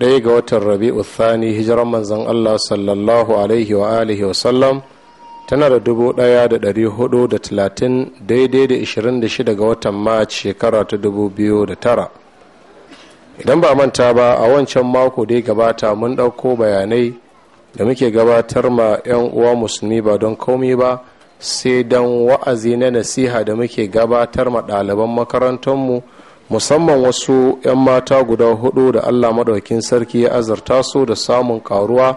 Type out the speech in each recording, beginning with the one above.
ɗaya ga watan rabi'u uthani hijiran manzan allah sallallahu alaihi wa alihi sallam tana da dubu ɗaya da ɗari hudu da talatin daidai da ishirin da shida ga watan mac shekara ta dubu biyu da tara idan ba manta ba a wancan mako dai gabata mun ɗauko bayanai da muke gabatar ma 'yan uwa musulmi ba don komi ba sai don wa'azi na nasiha da muke gabatar ma ɗaliban makarantar mu musamman wasu 'yan mata guda hudu da allah madaukin sarki ya azarta su da samun karuwa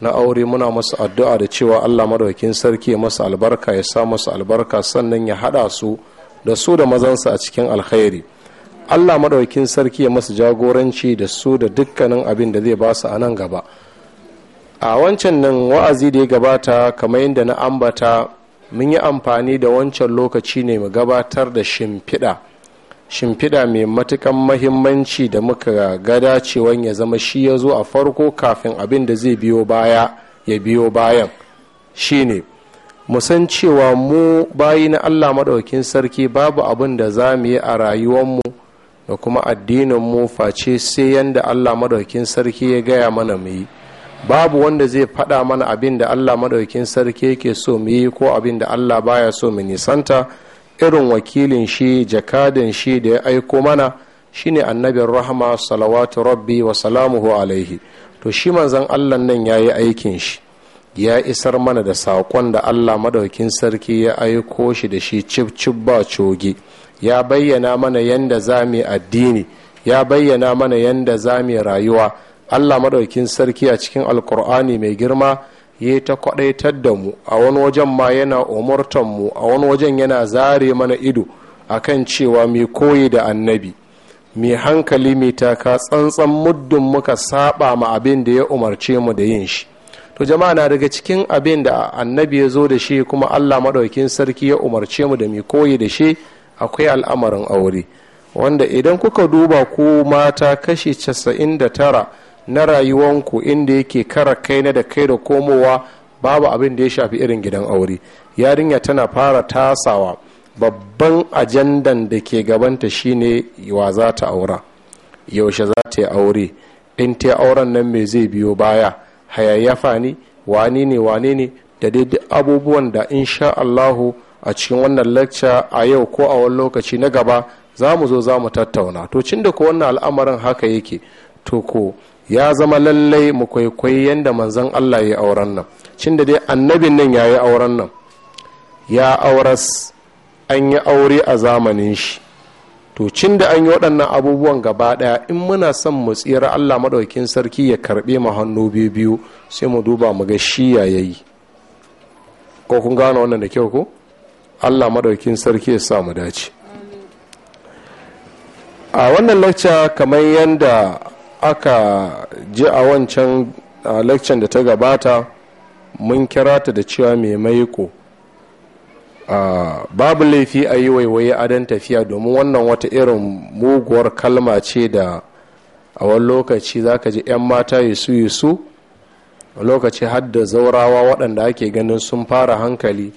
na aure muna masu addu'a da cewa allah madaukin sarki ya masa albarka ya sa masu albarka sannan ya hada su da su da mazansa a cikin alkhairi allah madaukin sarki ya masu jagoranci da su da dukkanin abin da zai basu a nan gaba a wancan nan wa'azi da ya gabata kamar yadda na ambata mun yi amfani da wancan lokaci ne mu gabatar da shimfiɗa shimfiɗa mai matukan mahimmanci da muka ga dacewan ya zama shi ya zo a farko kafin abin da zai biyo baya ya biyo bayan shine musan cewa mu bayi na allah maɗaukin sarki babu abin da za mu yi a rayuwanmu da kuma addininmu face sai yadda allah maɗaukin sarki ya gaya mana mu yi babu wanda zai faɗa mana abin da allah maɗaukin sarki yake so mu yi ko abin da allah baya so mu nisanta irin wakilin shi jakadin shi da ya aiko mana shine annabin rahama salawatu rabbi wa salamuhu alaihi to shi manzan allah nan ya yi aikin shi ya isar mana da saƙon da allah madaukin sarki ya aiko shi da shi cif cif ba coge ya bayyana mana yadda za mu addini ya bayyana mana yadda za mu rayuwa allah madaukin sarki a cikin alkur'ani mai girma ya ta kwadaitar da mu a wani wajen ma yana umurtan mu a wani wajen yana zare mana ido a kan cewa mai koyi da annabi mai hankali mai taka tsantsan muddin muka saba ma abin da ya umarce mu da yin shi to jama'a na daga cikin abin da annabi ya zo da shi kuma allah maɗaukin sarki ya umarce mu da mai koyi da shi akwai al'amarin aure wanda idan kuka duba ko mata kashi casa'in da tara na rayuwanku inda yake kara kai na da kai da komowa babu abin da ya shafi irin gidan aure yarinya tana fara tasawa babban ajandan da ke gabanta shine wa za ta aura yaushe za ta yi aure in ta auren nan mai zai biyo baya hayayyafa ne wani ne wani ne da daidai abubuwan da insha Allahu a cikin wannan lacca a yau ko a wani lokaci na gaba za mu zo za mu tattauna to cin da ko wannan al'amarin haka yake to ko ya zama lallai mu kwaikwayi yadda manzon Allah ya auren nan cin da dai annabin nan ya yi auren nan ya auras an yi aure a zamanin shi to cin da an yi waɗannan abubuwan gaba ɗaya in muna son mu tsira Allah maɗaukin sarki ya karɓe mu hannu biyu biyu sai mu duba mu ga shi ya yayi ko kun gane wannan da kyau ko Allah maɗaukin sarki ya sa mu dace a wannan lacca kamar yadda aka je a wancan lecture da ta gabata mun kira ta da cewa mai maiko babu laifi a yi waiwaye adon tafiya domin wannan wata irin muguwar kalma ce da a wani lokaci za ka ji 'yan mata yasu yasu a lokaci hadda zaurawa waɗanda ake ganin sun fara hankali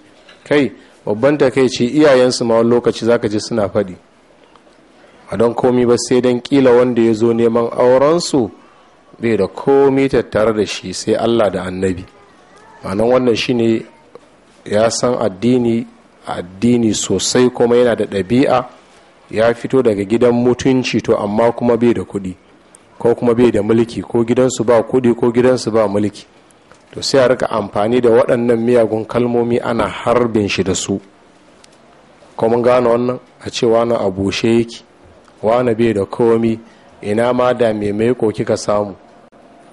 kai babban takaici iyayensu ma wani lokaci za ka ji suna faɗi a don komi ba sai don kila wanda ya zo neman aurensu bai da komi tattare da shi sai allah da annabi ma'anan wannan shi ne ya san addini addini sosai kuma yana da ɗabi'a ya fito daga gidan mutunci to amma kuma bai da kuɗi ko kuma bai da mulki ko gidansu ba kuɗi ko gidansu ba mulki to sai a rika amfani da waɗannan miyagun kalmomi ana harbin shi da su kuma gane wannan a cewa na a bushe yake wani bai da komi ina ma da mai maiko kika samu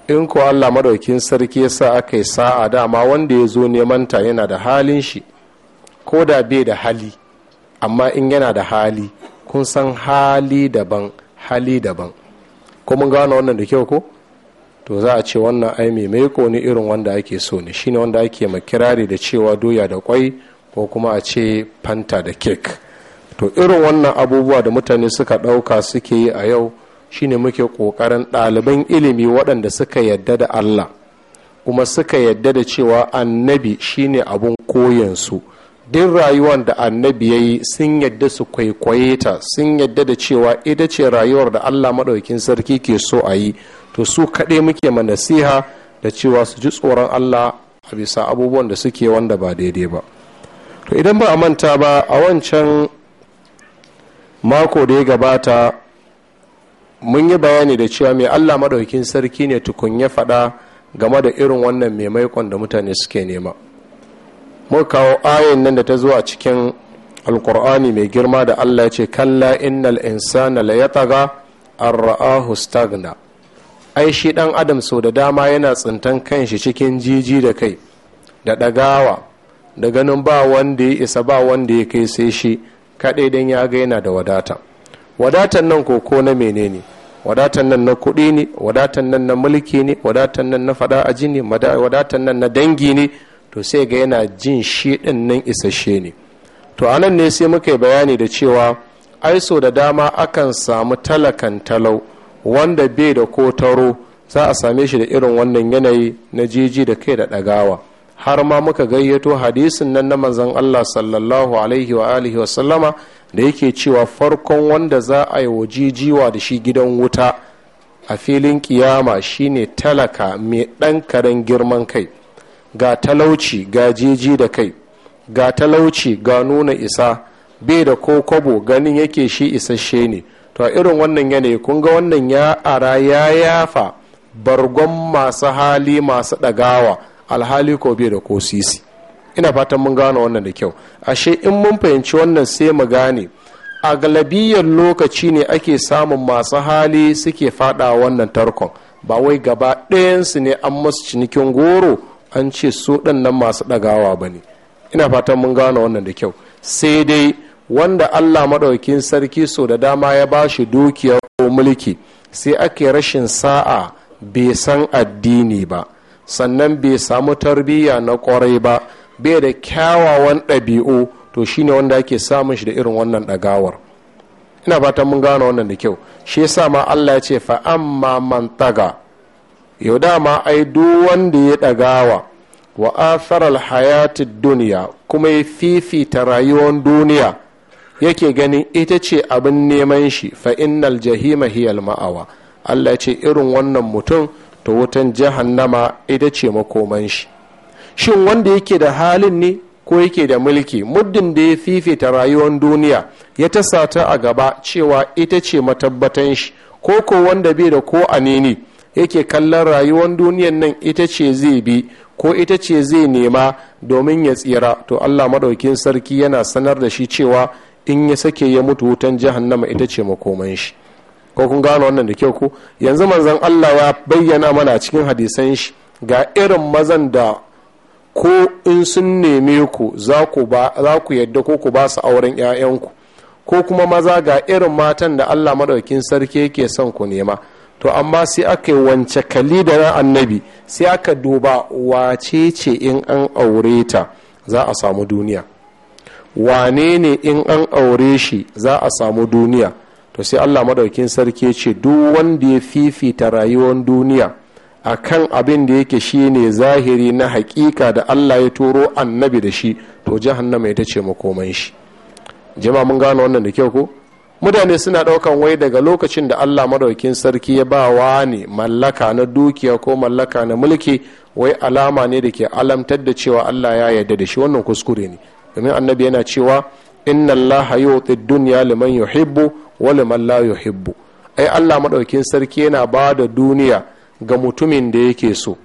in ko allah madaukin sarki ya sa aka yi sa'a dama wanda ya zo neman ta yana da halin shi ko da bai da hali amma in yana da hali kun san hali daban hali daban ko mun gane wannan da kyau ko to za a ce wannan ai mai maiko ne irin wanda ake so ne shine wanda ake makirari da cewa doya da kwai ko kuma a ce fanta da kek to irin wannan abubuwa da mutane suka ɗauka suke yi a yau shine muke ƙoƙarin ɗaliban ilimi waɗanda suka yadda da allah kuma suka yadda da cewa annabi shine abun koyansu duk rayuwar da annabi ya yi sun yadda su kwaikwaye ta sun yadda da cewa ita ce rayuwar da allah maɗaukin sarki ke so a yi to su kaɗai muke ma nasiha da cewa su ji tsoron allah a bisa abubuwan da suke wanda ba daidai ba to idan ba a manta ba a wancan mako da ya gabata mun yi bayani da cewa mai allah maɗaukin sarki ne tukun ya faɗa game da irin wannan mai maikon da mutane suke nema muka kawo ayin nan da ta zuwa cikin alkur'ani mai girma da allah ya ce kalla innal insana la yataga an stagna ai shi dan adam sau da dama yana tsintan kanshi cikin jiji da kai da ɗagawa da ganin ba wanda ya isa ba wanda ya kai sai shi kaɗai don ya ga yana da wadata wadatan nan koko na menene wadatan nan na kuɗi ne wadatan nan na mulki ne wadatan nan na faɗa aji ne wadatan nan na dangi ne to sai ga yana jin shi ɗin nan isasshe ne to anan ne sai muka yi bayani da cewa ai so da dama akan samu talakan talau wanda bai da ko taro za a same shi da irin wannan yanayi na jiji da kai da ɗagawa har ma muka gayyato hadisin nan na manzon Allah sallallahu alaihi wa alihi wa sallama da yake cewa farkon wanda za a yi wajijiwa da shi gidan wuta a filin kiyama shine talaka mai ɗan karen girman kai ga talauci ga jeji da kai ga talauci ga nuna isa bai da ko kwabo ganin yake shi isasshe ne to a irin wannan yanayi kun ga wannan ya ara ya yafa bargon masu hali masu ɗagawa alhali ko bai da ko sisi ina fatan mun gane wannan da kyau ashe in mun fahimci wannan sai mu gane a galabiyar lokaci ne ake samun masu hali suke fada wannan tarkon ba wai gaba ɗayansu ne an masu cinikin goro an ce su nan masu ɗagawa ba ne ina fatan mun gane wannan da kyau sai dai wanda allah maɗaukin sarki so da dama ya ba shi dukiyar ko mulki sai ake rashin sa'a bai san addini ba sannan bai samu tarbiyya na kwarai ba bai da kyawawan ɗabi'u to shine wanda ake samun shi da irin wannan ɗagawar ina fatan mun gane wannan da kyau shi yasa ma Allah ya ce fa amma man taga yau dama ai duk wanda ya ɗagawa wa afaral hayati duniya kuma ya fifita rayuwar duniya yake ganin ita ce abin neman shi fa innal jahima hiyal ma'awa Allah ya ce irin wannan mutum to wutan jahannama ita ce makoman shi shin wanda yake da halin ne ko yake da mulki muddin da ya fifita rayuwar duniya ya tasata sata a gaba cewa ita ce matabbatan shi ko ko wanda bai da ko anini yake kallon rayuwar duniyan nan ita ce zai bi ko ita ce zai nema domin ya tsira to allah maɗaukin sarki yana sanar da shi cewa in ya sake ya mutu wutan jahannama ita ce makoman shi ko kun gano wannan da kyau ko yanzu manzan Allah ya bayyana mana cikin hadisan shi ga irin mazan da ko in sun neme ku za ku yadda ko ku ba su auren 'ya'yanku ko kuma maza ga irin matan da Allah madaukin sarki yake son ku nema to amma sai aka yi wance kali da na annabi sai aka duba wace ce in an aure ta za a samu duniya wane ne in an aure shi za a samu duniya to sai allah madaukin sarki ce duk wanda ya fifita rayuwar duniya a kan abin da yake ne zahiri na hakika da allah ya turo annabi da shi to jahannama ita ce makoman shi jima mun gano wannan da kyau ko mutane suna daukan wai daga lokacin da allah madaukin sarki ya ba wa ne mallaka na dukiya ko mallaka na mulki wai alama ne da ke alamtar da cewa allah ya yarda da shi wannan kuskure ne domin annabi yana cewa inna allah yuti dunya liman yuhibbu wale man la yuhibbu ai Allah madaukin sarki yana ba da duniya ga mutumin da yake so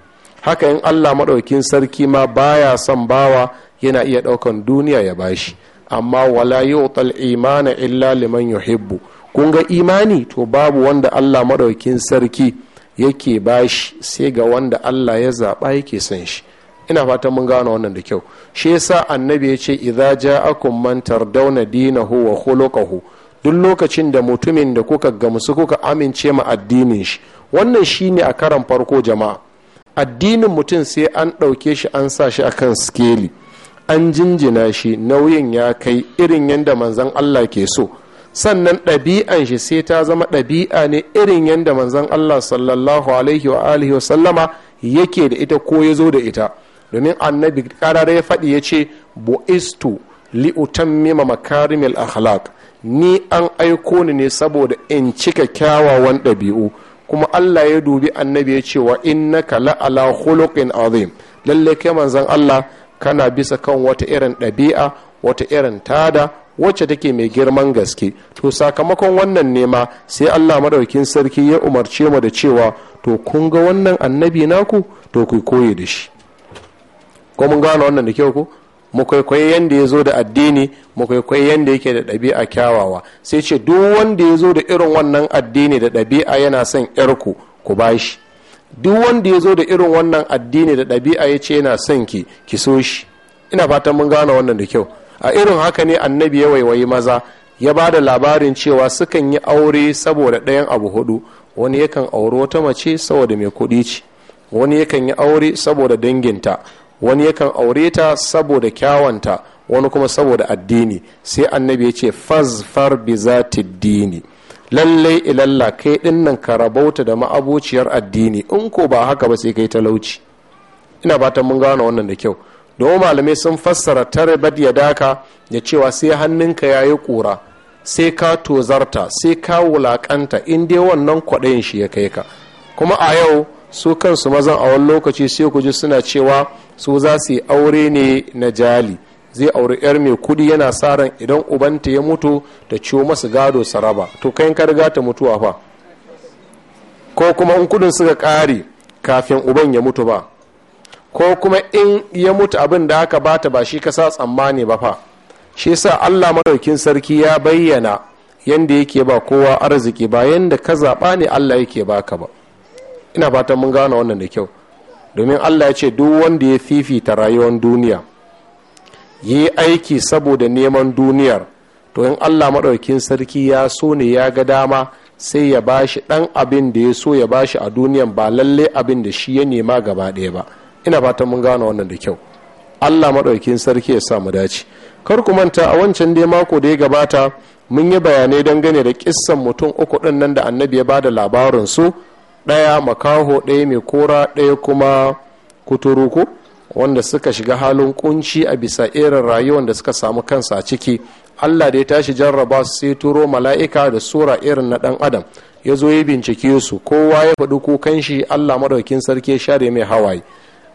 haka in Allah madaukin sarki ma baya son bawa yana iya ɗaukan duniya ya bashi amma wala yu'tal imana illa liman yuhibbu kun ga imani to babu wanda Allah madaukin sarki yake bashi sai ga wanda Allah ya zaba yake son shi ina fatan mun gano wannan da kyau shi yasa annabi ya ce idza ja'akum man tardawna dinahu wa khuluquhu duk lokacin da mutumin da kuka gamsu kuka amince ma addinin shi wannan shi ne a karan farko jama'a addinin mutum sai an ɗauke shi an sa shi akan skeli an jinjina shi nauyin ya kai irin yadda manzan allah ke so sannan ɗabi'an shi sai ta zama ɗabi'a ne irin yadda manzan allah sallallahu alaihi wa alihi wa sallama yake da ita ko ya zo da ita domin annabi ƙarar ya faɗi ya ce bu'istu li'utammima makarimil akhlaq ni an aiko ni ne saboda in cika kyawawan ɗabi'u kuma Allah ya dubi annabi ya cewa in innaka la'ala khuluqin azim lalle kai manzon Allah kana bisa kan wata irin ɗabi'a wata irin tada wacce take mai girman gaske to sakamakon wannan nema sai Allah madaukin sarki ya umarce mu da cewa to kun ga wannan annabi naku to ku koye da shi ko mun gane wannan da kyau ko mu kwaikwayi yanda ya zo da addini mu kwaikwayi yanda yake da ɗabi'a kyawawa sai ce duk wanda ya zo da irin wannan addini da ɗabi'a yana son yarku ku bashi duk wanda ya zo da irin wannan addini da ɗabi'a ya ce yana son ki ki so shi ina fatan mun gane wannan da kyau a irin haka ne annabi ya waiwayi maza ya ba da labarin cewa sukan yi aure saboda ɗayan abu hudu wani yakan auri wata mace saboda mai kuɗi ce wani yakan yi aure saboda danginta wani yakan aure ta saboda kyawanta wani kuma saboda addini sai annabi ya ce fazfar bi zati dini lallai ilalla kai nan ka rabauta da ma'abociyar addini in ko ba haka ba sai kai talauci ina fatan mun gane wannan da kyau domin malamai sun fassara tarbad ya daka da cewa sai hannunka ya yi ƙura sai ka tozarta sai ka wulaƙanta in dai wannan kwaɗayin shi ya kai ka kuma a yau su kansu mazan a wani lokaci sai ku ji suna cewa su za su yi aure ne na jali zai auri yar mai kudi yana sa ran idan ubanta ya mutu ta ciwo masu gado su raba to kai ka riga ta mutuwa fa ko kuma in kudin suka kare kafin uban ya mutu ba ko kuma in ya mutu abin da aka bata ba shi kasa tsammani ba fa shi sa allah maraukin sarki ya bayyana yanda yake ba kowa arziki ba yadda ka zaɓa ne allah yake baka ba ina fatan mun gane wannan da kyau domin allah ya ce duk wanda ya fifita rayuwar duniya yi aiki saboda neman duniyar to in allah maɗaukin sarki ya so ne ya ga dama sai ya ba shi ɗan abin da ya so ya ba shi a duniyan ba lalle abin da shi ya nema gaba ɗaya ba ina fatan mun gano wannan da kyau allah maɗaukin sarki ya sa mu dace kar ku manta a wancan dai mako da ya gabata mun yi bayanai dangane da kissan mutum uku ɗin nan da annabi ya bada labarin su ɗaya makaho ɗaya mai kora ɗaya kuma kuturuku wanda suka shiga halin kunci a bisa irin rayuwar da suka samu kansa a ciki allah da ya tashi jarraba su sai turo mala'ika da sura irin na ɗan adam ya zo ya bincike su kowa ya faɗi kukan shi allah maɗaukin sarki ya share mai hawaye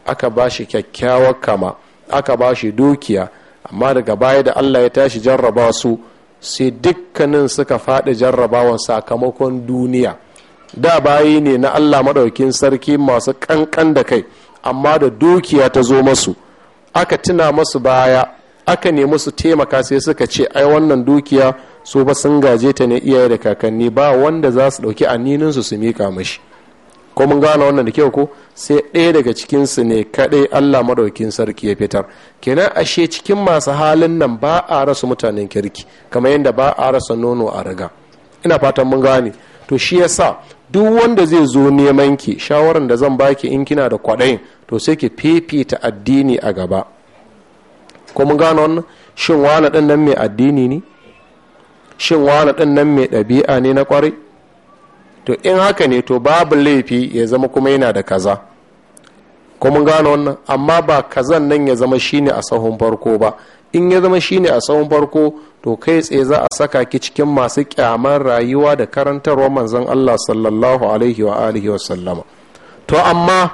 aka ba shi kyakkyawar kama aka ba shi dukiya amma daga baya da allah ya tashi jarraba su sai dukkanin suka faɗi jarrabawan sakamakon duniya da bayi ne na allah maɗaukin sarki masu ƙanƙan da kai amma da dukiya ta zo masu aka tuna masu baya aka nemi su taimaka sai suka ce ai wannan dukiya su ba sun gaje ta ne iyaye da kakanni ba wanda za su ɗauki anininsu su mika mashi ko mun gane wannan da kyau ko sai ɗaya daga cikinsu ne kaɗai allah maɗaukin sarki ya fitar kenan ashe cikin masu halin nan ba a rasa mutanen kirki kamar yadda ba a rasa nono a riga ina fatan mun gane to shi yasa duk wanda zai zo neman ki shawaran da zan baki in kina da kwaɗayin to sai ki fifita addini a gaba ko mun gano wannan shin wani ɗan nan mai addini ne shin wani ɗan nan mai ɗabi'a ne na kwarai to in haka ne to babu laifi ya zama kuma yana da kaza ko mun gane wannan amma ba kazan nan ya zama shine a sahun farko ba in ya zama shine a sahun farko to kai tsaye za a saka ki cikin masu kyaman rayuwa da karantarwa manzon Allah sallallahu alaihi wa alihi wa sallama to amma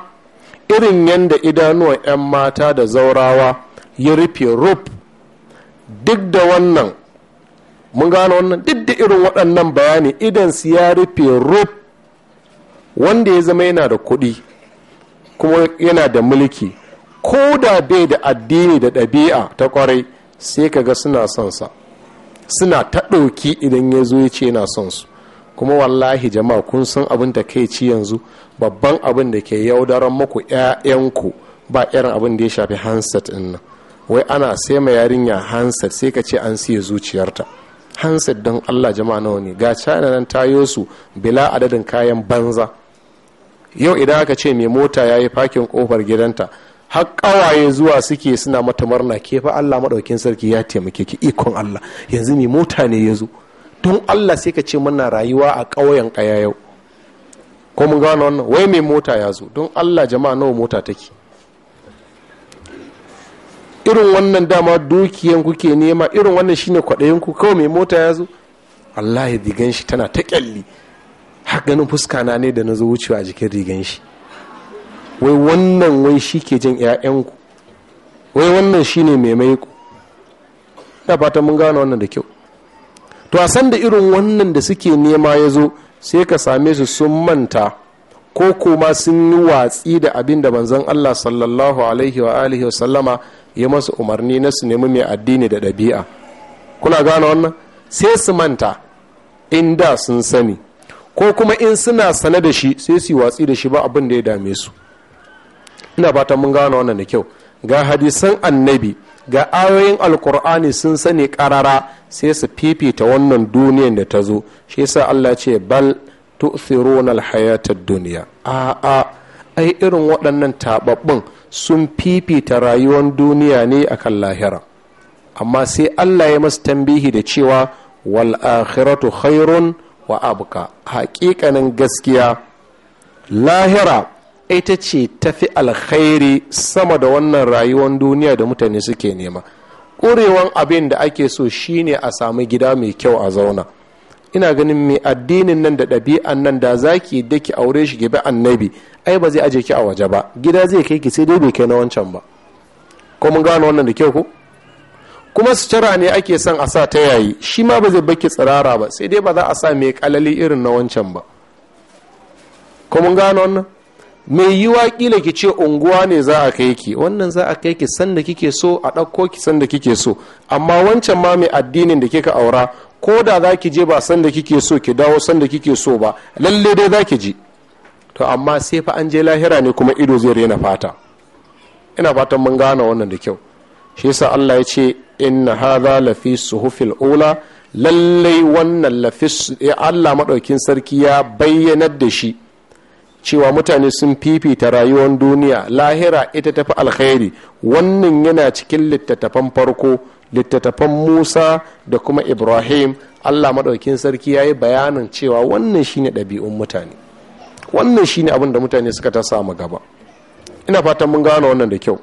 irin yanda idanuwan 'yan mata da zaurawa ya rufe rub duk da wannan mun gane wannan duk da irin waɗannan bayani idan su ya rufe rub wanda ya zama yana da kuɗi kuma yana da mulki ko da bai da addini da ɗabi'a ta kwarai sai ka ga suna son sa suna ta ɗauki idan ya zo ya ce yana son su kuma wallahi jama'a kun san abin da kai ci yanzu babban abin da ke yaudaran muku 'ya'yanku ba irin abin da ya shafi handset din nan wai ana sai ma yarinya handset sai ka ce an siya zuciyarta hanset don allah jama'a nawa ne ga china nan tayo su bila adadin kayan banza yau idan aka ce mai mota ya yi fakin kofar gidanta har kawaye zuwa suke suna mata murna ke fa Allah madaukin sarki ya taimake ki ikon Allah yanzu mai mota ne ya zo don Allah sai ka ce muna rayuwa a ƙauyen ƙaya yau ko mun gano wannan wai mai mota ya zo don Allah jama'a nawa mota take irin wannan dama dukiyan kuke nema irin wannan shine kwaɗayin ku kawai mai mota ya zo Allah ya digan shi tana ta kyalli har ganin fuska na ne da na zo wucewa a jikin rigan shi wai wannan wai shi ke jin 'ya'yanku wai wannan shi ne mai ku na fata mun gane wannan da kyau to a san da irin wannan da suke nema ya zo sai ka same su sun manta ko kuma sun yi watsi da abin da manzon Allah sallallahu alaihi wa alihi wa sallama ya masu umarni na su nemi mai addini da ɗabi'a kuna gane wannan sai su manta inda sun sani ko kuma in suna sane da shi sai su watsi da shi ba abin da ya dame su ina ba ta mun gane wannan da kyau ga hadisan annabi ga ayoyin alkur'ani sun sani karara sai su fifita wannan duniyan da ta zo shi yasa Allah ce bal tu'thiruna alhayatad duniya a a ai irin waɗannan tababbun sun fifita rayuwar duniya ne akan lahira amma sai Allah ya masu tambihi da cewa wal akhiratu khairun wa abuka hakikanin gaskiya lahira ita ce tafi alkhairi sama da wannan rayuwar duniya da mutane suke nema ƙurewan abin da ake so shine a sami gida mai kyau a zauna ina ganin mai addinin nan da ɗabi'an nan da za ki da ki aure shi gaba annabi ai ba zai aje ki a waje ba gida zai kai ki sai dai bai kai na wancan ba ko mun gano wannan da kyau ko kuma sutura ne ake son a sa ta yayi shi ma ba zai baki tsirara ba sai dai ba za a sa mai kalali irin na wancan ba kuma gano wannan mai yi kila ki ce unguwa ne za a kai ki wannan za a kai ki sanda kike so a ɗauko ki sanda kike so amma wancan ma mai addinin da kika aura ko da za ki je ba sanda kike so ki dawo sanda kike so ba lalle dai za ki je to amma sai fa an je lahira ne kuma ido zai rena fata ina fatan mun gane wannan da kyau shi yasa Allah ya ce inna hadha lafi suhufil ula lallai wannan ya eh, Allah maɗaukin sarki ya bayyanar da shi cewa mutane sun fifita rayuwar duniya lahira ita tafi alkhairi wannan yana cikin littattafan farko littattafan musa da kuma ibrahim allah madaukin sarki ya yi bayanin cewa wannan shine ɗabi'un mutane wannan shine abin da mutane suka ta samu gaba ina fatan mun gano wannan da kyau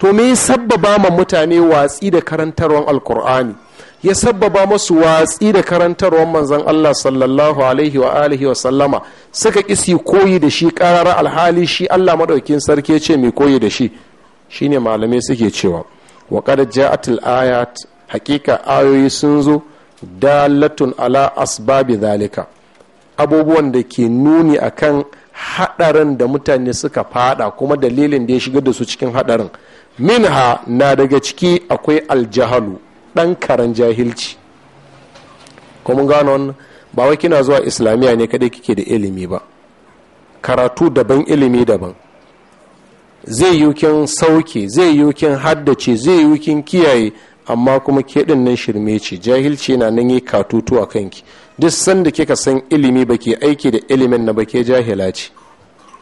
to me ya sabbaba ma mutane watsi da karantarwar alkur'ani ya sabbaba masu watsi da karantarwar manzan allah sallallahu alaihi wa alihi wa sallama suka kisi koyi da shi karara alhali shi allah maɗaukin sarki ce mai koyi da shi shine malamai suke cewa wa qad ja'atil ayat hakika ayoyi sun zo dalatun ala asbabi zalika abubuwan da ke nuni akan hadarin da mutane suka fada kuma dalilin da ya shigar da su cikin hadarin minha na daga ciki akwai aljahalu ɗan karan jahilci kuma gano ba wai kina zuwa islamiyya ne kadai kike da ilimi ba karatu daban ilimi daban zai yi kin sauke zai yi kin haddace zai yi kin kiyaye amma kuma ke din nan shirme ce jahilci na nan yi katutu a kanki duk sanda kika san ilimi ba ke aiki da ilimin na ba ke jahila ce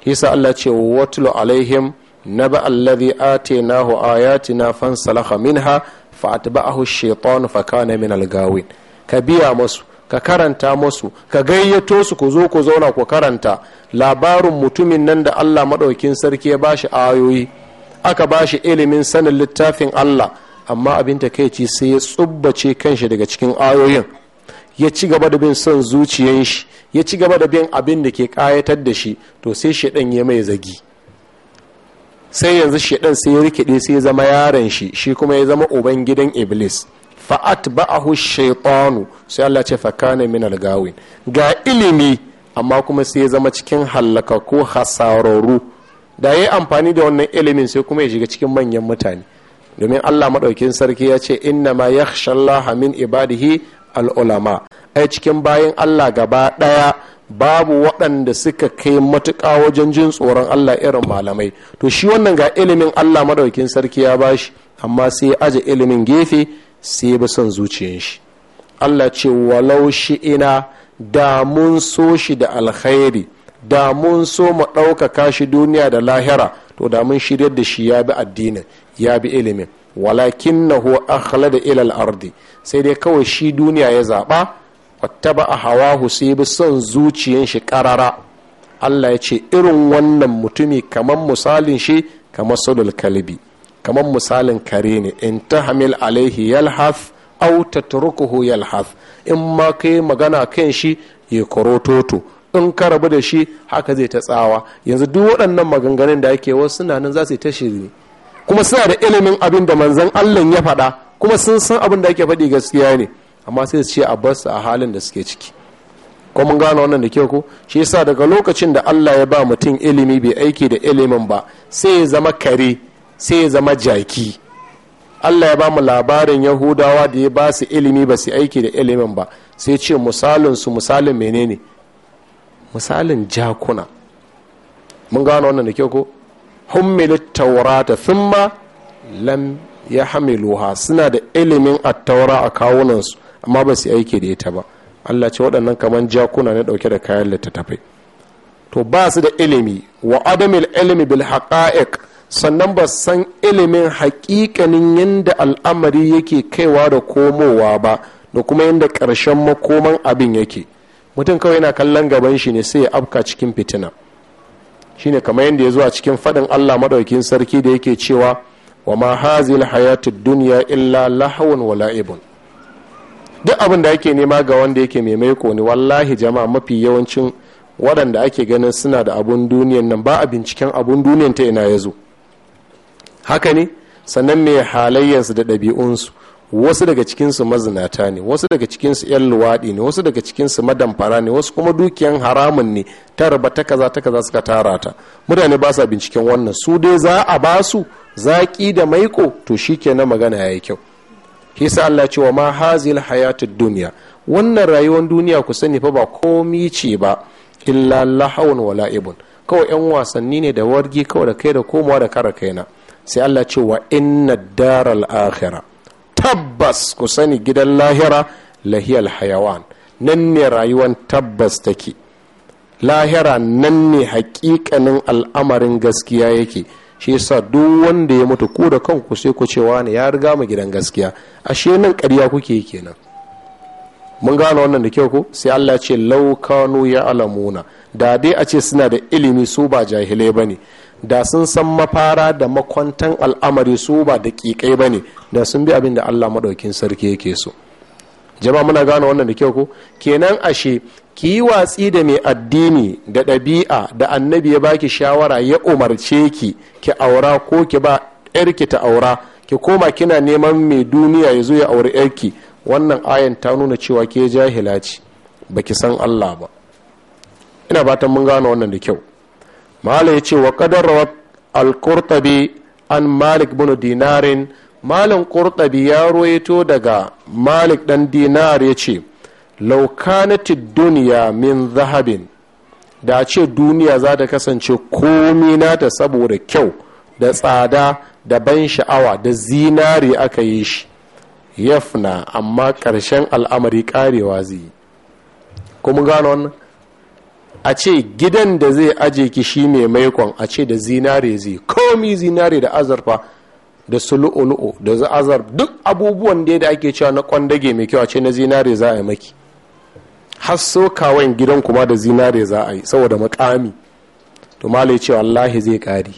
hisa Allah ce watlu alaihim naba alladhi atainahu ayatina fansalakha minha fa atba'ahu ash-shaytan fa kana min al-gawin ka biya masu ka karanta masu ka gayyato su ku zo ku zauna ku karanta labarin mutumin nan da Allah maɗaukin sarki ya bashi ayoyi aka bashi ilimin sanin littafin Allah amma abin ta kai sai ya tsubbace kanshi daga cikin ayoyin ya ci gaba da bin son zuciyan shi ya ci gaba da bin abin da ke kayatar da shi to sai shaɗan ya mai zagi sai yanzu shaidan sai ya rikide sai ya zama yaron shi shi kuma ya zama uban gidan iblis fa'at ba'ahu shaitanu sai Allah ce fakane min algawin ga ilimi amma kuma sai ya zama cikin hallaka ko hasararru da ya amfani da wannan ilimin sai kuma ya shiga cikin manyan mutane domin Allah maɗaukin sarki ya ce inna ma yakhshallaha min ibadihi al'ulama ai cikin bayan Allah gaba ɗaya babu waɗanda suka kai matuƙa wajen jin tsoron Allah irin malamai to shi wannan ga ilimin Allah madaukin sarki ya bashi amma sai aje ilimin gefe sai bi son zuciyar shi Allah ce walau shi ina da mun so shi da alkhairi da mun so mu ɗaukaka shi duniya da lahira to da mun shiryar da shi ya bi addinin ya bi ilimin walakin na ila ilal ardi sai dai kawai shi duniya ya zaɓa wataba a hawahu sai bi son zuciyan shi karara Allah ya ce irin wannan mutumi kamar misalin shi kamar sulul kalbi kamar misalin kare ne in ta hamil alaihi yalhaf au turkuhu yalhaf in ma kai magana kan shi ya korototo in ka rabu da shi haka zai ta tsawa yanzu duk waɗannan maganganun da ake wasu suna nan za su ta shirye kuma suna da ilimin abin da manzon Allah ya faɗa kuma sun san abin da ake faɗi gaskiya ne amma sai su ce a bar su a halin da suke ciki ko mun gane wannan da kyau ko shi yasa daga lokacin da Allah ya ba mutum ilimi bai aiki da ilimin ba sai ya zama kare sai ya zama jaki Allah ya ba mu labarin Yahudawa da ya ba su ilimi ba su aiki da ilimin ba sai ce misalin su misalin menene misalin jakuna mun gano wannan da kyau ko hummilit taurata thumma lam ya hamiluha suna da ilimin attaura a kawunansu amma ba su aiki da ita ba allah ce waɗannan kamar jakuna na ɗauke da kayan littattafai to ba su da ilimi wa adamil ilimi bil haqa'iq sannan ba san ilimin haƙiƙanin yadda al'amari yake kaiwa da komowa ba da kuma yadda ƙarshen makoman abin yake mutum kawai yana kallon gaban shi ne sai ya afka cikin fitina shine kamar yadda ya zuwa cikin faɗin allah maɗaukin sarki da yake cewa wa ma hazil duniya illa lahawun wala'ibun. duk abin da ake nema ga wanda yake mai maiko ne wallahi jama'a mafi yawancin waɗanda ake ganin suna da abun duniyan nan ba a binciken abun duniyan ta ina ya zo haka ne sannan mai halayyarsu da ɗabi'unsu wasu daga cikinsu mazinata ne wasu daga cikinsu 'yan luwaɗi ne wasu daga cikinsu madamfara ne wasu kuma dukiyan haramun ne ta raba ta kaza ta kaza suka tara ta mutane ba sa binciken wannan su dai za a ba su zaƙi da maiko to shi na magana ya yi kyau shi sa Allah ce wa ma hazil hayatud duniya wannan rayuwar duniya ku sani fa ba komi ce ba illa lahawun wa la'ibun kawai yan wasanni ne da wargi kawai da kai da komawa da kara kaina sai Allah ce wa inna daral akhirah tabbas ku sani gidan lahira lahiyal hayawan nan ne rayuwar tabbas take lahira nan ne hakikanin al'amarin gaskiya yake shi yasa duk wanda ya mutu ku da kanku sai ku cewa ne ya riga mu gidan gaskiya ashe nan ƙarya kuke kenan mun gane wannan da kyau ko sai Allah ce laukanu ya alamuna da dai a ce suna da ilimi su ba jahilai bane da sun san mafara da makwantan al'amari su ba da kikai bane da sun bi abin da Allah madaukin sarki yake so jama'a muna gane wannan da kyau ko kenan ashe ki yi watsi da mai addini da ɗabi'a da annabi ya baki shawara ya umarce ki ki aura ko ki ba yarki ta aura ki koma kina neman mai duniya ya zo ya auri yarki wannan ayan ta nuna cewa ke jahila ce baki san Allah ba ina bata mun gano wannan da kyau malam ya ce wa kadar al alkurtabi an malik bin dinarin malam kurtabi ya ruwaito daga malik dan dinar ya ce laukanati duniya min zahabin da ce duniya za ta kasance komi nata saboda kyau da tsada da ban sha'awa da zinari aka yi shi yafna amma ƙarshen al'amari karewa zai yi kuma gano wannan a ce gidan da zai aje ki shi mai maikon a ce da zinare zai komi zinare da azurfa da sulu'ulu'u da azurfa? duk abubuwan da ake cewa na dage mai kyau a ce na zinare za a yi maki har sokawan gidan kuma da zinare za a yi saboda makami to mala ya ce wallahi zai kari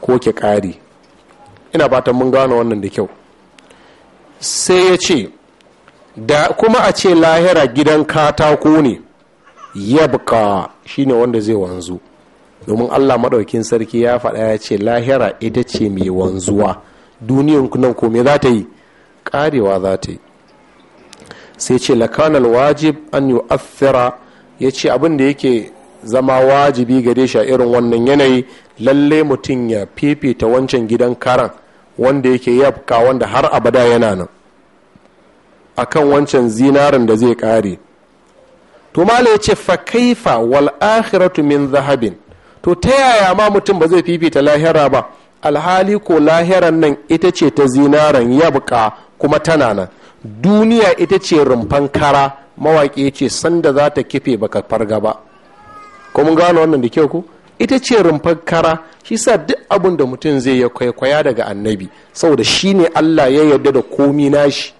ko ke kari ina fatan mun gano wannan da kyau sai ya ce da kuma a ce lahira gidan katako ne yabka shine wanda zai wanzu domin allah maɗaukin sarki ya faɗa ya ce lahira ita ce mai wanzuwa duniyan nan ko me za ta yi karewa za ta yi sai ce lakanal wajib an yu'athira ya ce abin da yake zama wajibi gare shi a irin wannan yanayi lalle mutum ya fifita wancan gidan karan wanda yake yabka wanda har abada yana nan akan wancan zinarin da zai kare to mala ya ce fa kaifa wal akhiratu min zahabin to ta yaya ma mutum ba zai fifita lahira ba alhali ko lahiran nan ita ce ta zinaran yabka kuma tana nan duniya ita ce rumfan kara mawaƙi ya ce sanda za ta kife baka farga ba kuma gano wannan da kyau ku ita ce rumfan kara shi sa duk abin da mutum zai ya kwaikwaya daga annabi saboda shi ne allah ya yarda da komi nashi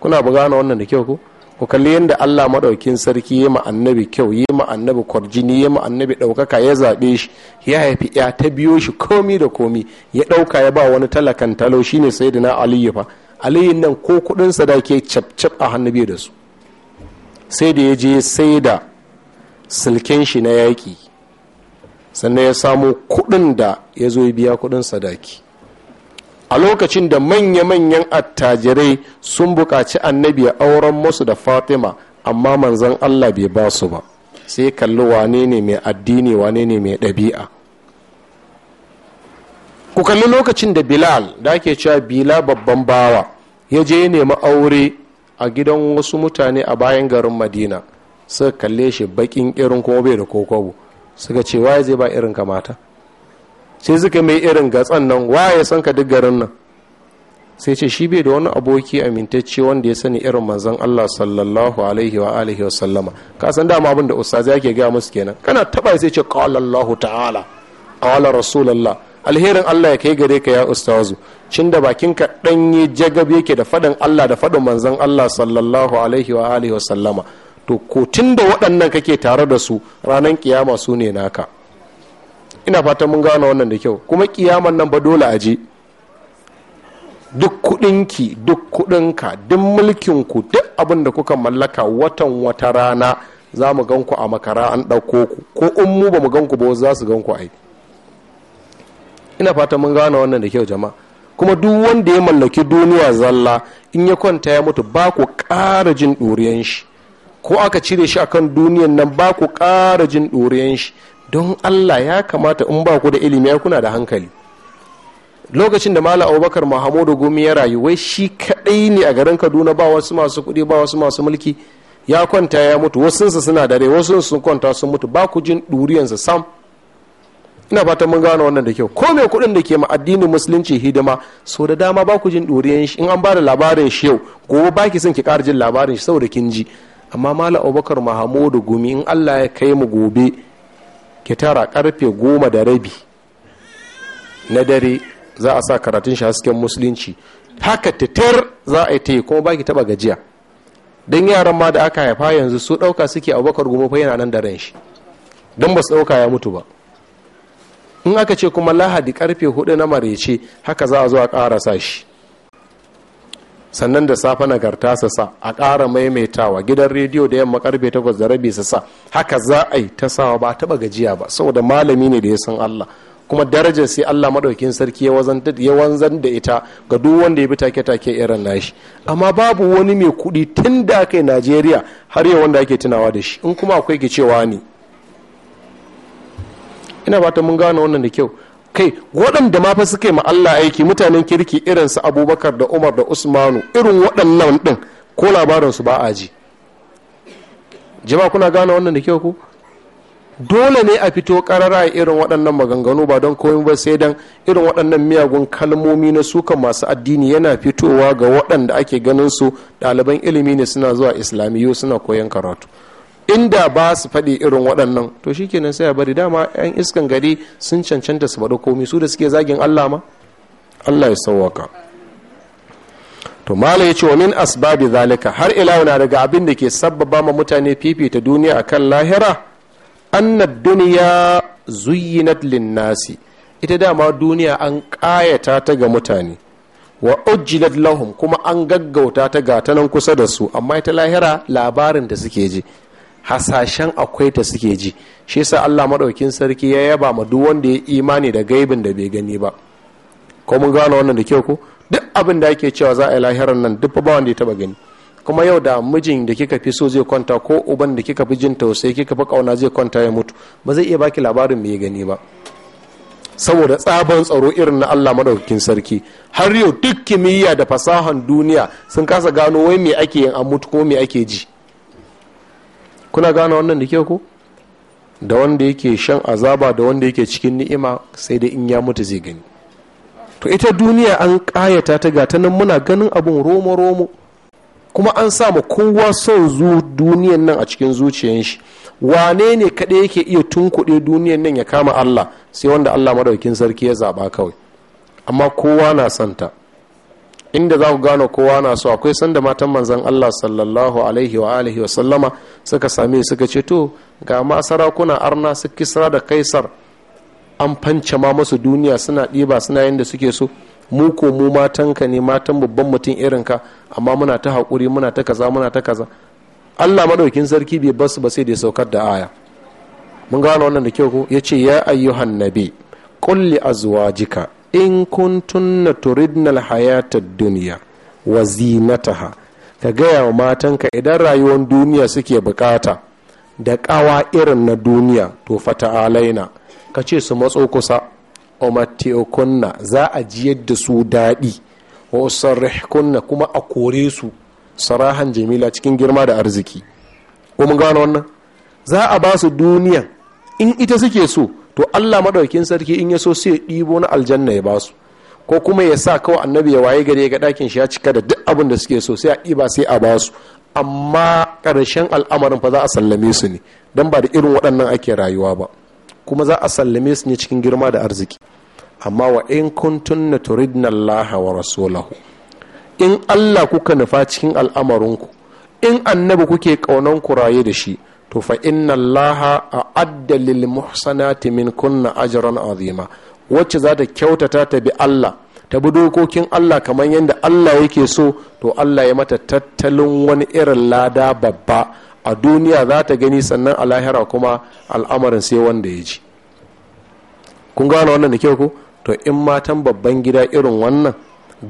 kuna ba gano wannan da kyau ku ku kalli yadda Allah maɗaukin sarki ya ma annabi kyau ya ma annabi kwarjini ya ma annabi ɗaukaka ya zaɓe shi ya haifi ya ta biyo shi komi da komi ya ɗauka ya ba wani talakan talo shine na aliyu fa aliyin nan ko kudin sadaki cap-cap a hannu bai da su sai da ya je sai da silken shi na yaƙi sannan ya samo kudin da ya zo ya biya kudin sadaki a lokacin da manya-manyan attajirai sun buƙaci annabi ya auren musu da fatima amma manzan allah bai ba su ba sai kalli wane ne mai addini wane ne mai ɗabi'a ku kalli lokacin da bilal da ake cewa bila babban bawa ya je nemi aure a gidan wasu mutane a bayan garin madina suka kalle shi bakin irin kuma bai da kokobo suka ce waye zai ba irin kamata sai suka mai irin gatsan nan waye san ka duk garin nan sai ce shi bai da wani aboki amintacce wanda ya sani irin manzon Allah sallallahu alaihi wa alihi wa sallama ka san dama abin da ustazi yake gaya musu kenan kana taba sai ce qala ta'ala qala rasulullah alherin Allah ya kai gare ka ya ustazu cin da bakinka danye jagab yake da faɗin Allah da faɗin manzon Allah sallallahu alaihi wa alihi wa sallama to ko tun da waɗannan kake tare da su ranar kiyama su ne naka ina fatan mun gano wannan da kyau kuma kiyaman nan ba dole a je duk kudinki duk kudinka duk mulkin ku duk abin da kuka mallaka watan wata rana za mu ganku a makara an ɗauko ku ko in mu ba mu ganku ba za su ganku ai ina fata mun gane wannan da kyau jama'a kuma duk wanda ya mallaki duniya zalla in ya kwanta ya mutu ba ku ƙara jin ɗoriyan shi ko aka cire shi akan duniyan nan ba ku ƙara jin ɗoriyan shi don allah ya kamata in ba ku da ilimi ya kuna da hankali lokacin da malam abubakar mahamudu gumi ya rayu wai shi kaɗai ne a garin kaduna ba wasu masu kuɗi ba wasu masu mulki ya kwanta ya mutu wasunsa suna dare wasu sun kwanta sun mutu ba ku jin ɗuriyansa sam ina fata mun gane wannan da kyau ko mai kuɗin da ke ma addinin musulunci hidima so da dama ba ku jin ɗoriyan shi in an ba da labarin shi yau gobe ba ki son ki ƙara jin labarin shi saboda kin ji amma malam abubakar mahamudu gumi in allah ya kai mu gobe ki tara karfe goma da rabi na dare za a sa karatun shi hasken musulunci haka titar za a yi ta yi kuma ba ki taɓa gajiya don yaran ma da aka haifa yanzu su ɗauka suke abubakar gumi fa yana nan da ran shi don ba su ɗauka ya mutu ba in aka ce kuma lahadi karfe hudu na marece haka za a zo a sa shi sannan da safe nagarta su sa a kara maimaitawa gidan rediyo da yamma karfe takwas da rabi su sa haka za a yi ta sawa ba taɓa gajiya ba saboda malami ne da ya san allah kuma darajar sai allah maɗaukin sarki ya wanzan da ita ga duk wanda ya bi take-take irin nashi amma babu wani mai kuɗi tun da kai najeriya har yau wanda ake tunawa da shi in kuma akwai ki cewa ne ina fata mun gane wannan da kyau kai waɗanda ma fa suka ma Allah aiki mutanen kirki irin su Abubakar da Umar da Usmanu irin waɗannan din ko labarin su ba a ji jama'a kuna gane wannan da kyau ko dole ne a fito karara a irin waɗannan maganganu ba don komai ba sai dan irin waɗannan miyagun kalmomi na suka masu addini yana fitowa ga waɗanda ake ganin su ɗaliban ilimi ne suna zuwa islamiyu suna koyon karatu inda ba su faɗi irin waɗannan to shikenan sai a bari dama 'yan iskan gari sun cancanta su faɗi komi su da suke zagin allah ma allah ya sauwaka to mala ya ce wa min asbabi zalika har ila na daga abin da ke sabbaba ma mutane fifita duniya akan lahira annad duniya zuyinat linnasi ita dama duniya an ƙayata ta ga mutane wa ujjilat lahum kuma an gaggauta ta nan kusa da su amma ita lahira labarin da suke ji hasashen akwai ta suke ji shi yasa Allah maɗaukin sarki ya yaba ma duk wanda ya imani da gaibin da bai gani ba ko mun gano wannan da kyau ko duk abin da ake cewa za a yi lahirar nan duk ba wanda ya taba gani kuma yau da mijin da kika fi so zai kwanta ko uban da kika fi jin tausayi kika fi kauna zai kwanta ya mutu ba zai iya baki labarin mai gani ba saboda tsaban tsaro irin na Allah maɗaukin sarki har yau duk kimiyya da fasahan duniya sun kasa gano wai me ake yin an mutu ko me ake ji kuna gane wannan da ke ku da wanda yake shan azaba da wanda yake cikin ni'ima sai dai in ya mutu zai gani to ita duniya an kayata ta gata nan muna ganin abun romo romo kuma an sa ma kowa son zu duniyan nan a cikin zuciyan shi wane ne kaɗai yake iya tunkuɗe duniyan nan ya kama allah sai wanda allah madaukin sarki ya zaɓa kawai amma kowa na santa inda za ku gano kowa na so akwai sanda matan manzan Allah sallallahu alaihi wa alihi wa sallama suka same suka ce to ga ma sarakuna arna su kisra da kaisar an fance ma musu duniya suna ɗiba suna yin da suke so mu ko mu matan ka ne matan babban mutum irin ka amma muna ta haƙuri muna ta kaza muna ta kaza Allah madaukin sarki bai basu ba sai da saukar da aya mun gano wannan da kyau ko yace ya ayyuhan nabi qul li azwajika in kun tunna turidnal hayatar duniya wa zinataha ka gaya wa matanka idan rayuwar duniya suke bukata da ƙawa irin na duniya to fata'alaina ka ce su matso kusa umatti'ukunna za a jiyar da su daɗi wa usarrihkunna kuma a kore su sarahan jamila cikin girma da arziki ko gano wannan za a ba su duniya in ita suke so to allah maɗaukin sarki in ya so sai ya ɗibo na aljanna ya basu ko kuma ya sa kawai annabi ya waye gare ga ɗakin shi ya cika da duk abin da suke so sai a ɗiba sai a basu amma ƙarshen al'amarin fa za a sallame su ne dan ba da irin waɗannan ake rayuwa ba kuma za a sallame su ne cikin girma da arziki amma wa in kuntun na turidna wa rasulahu in Allah kuka nufa cikin al'amarinku in annabi kuke ƙaunan ku raye da shi to fa inna allaha a adda lil muhsanati min kunna ajran azima wacce za ta kyautata ta bi Allah ta bi dokokin Allah kamar yadda Allah yake so to Allah ya mata tattalin wani irin lada babba a duniya za ta gani sannan a lahira kuma al'amarin sai wanda ya ji kun gane wannan da kyau ko to in matan babban gida irin wannan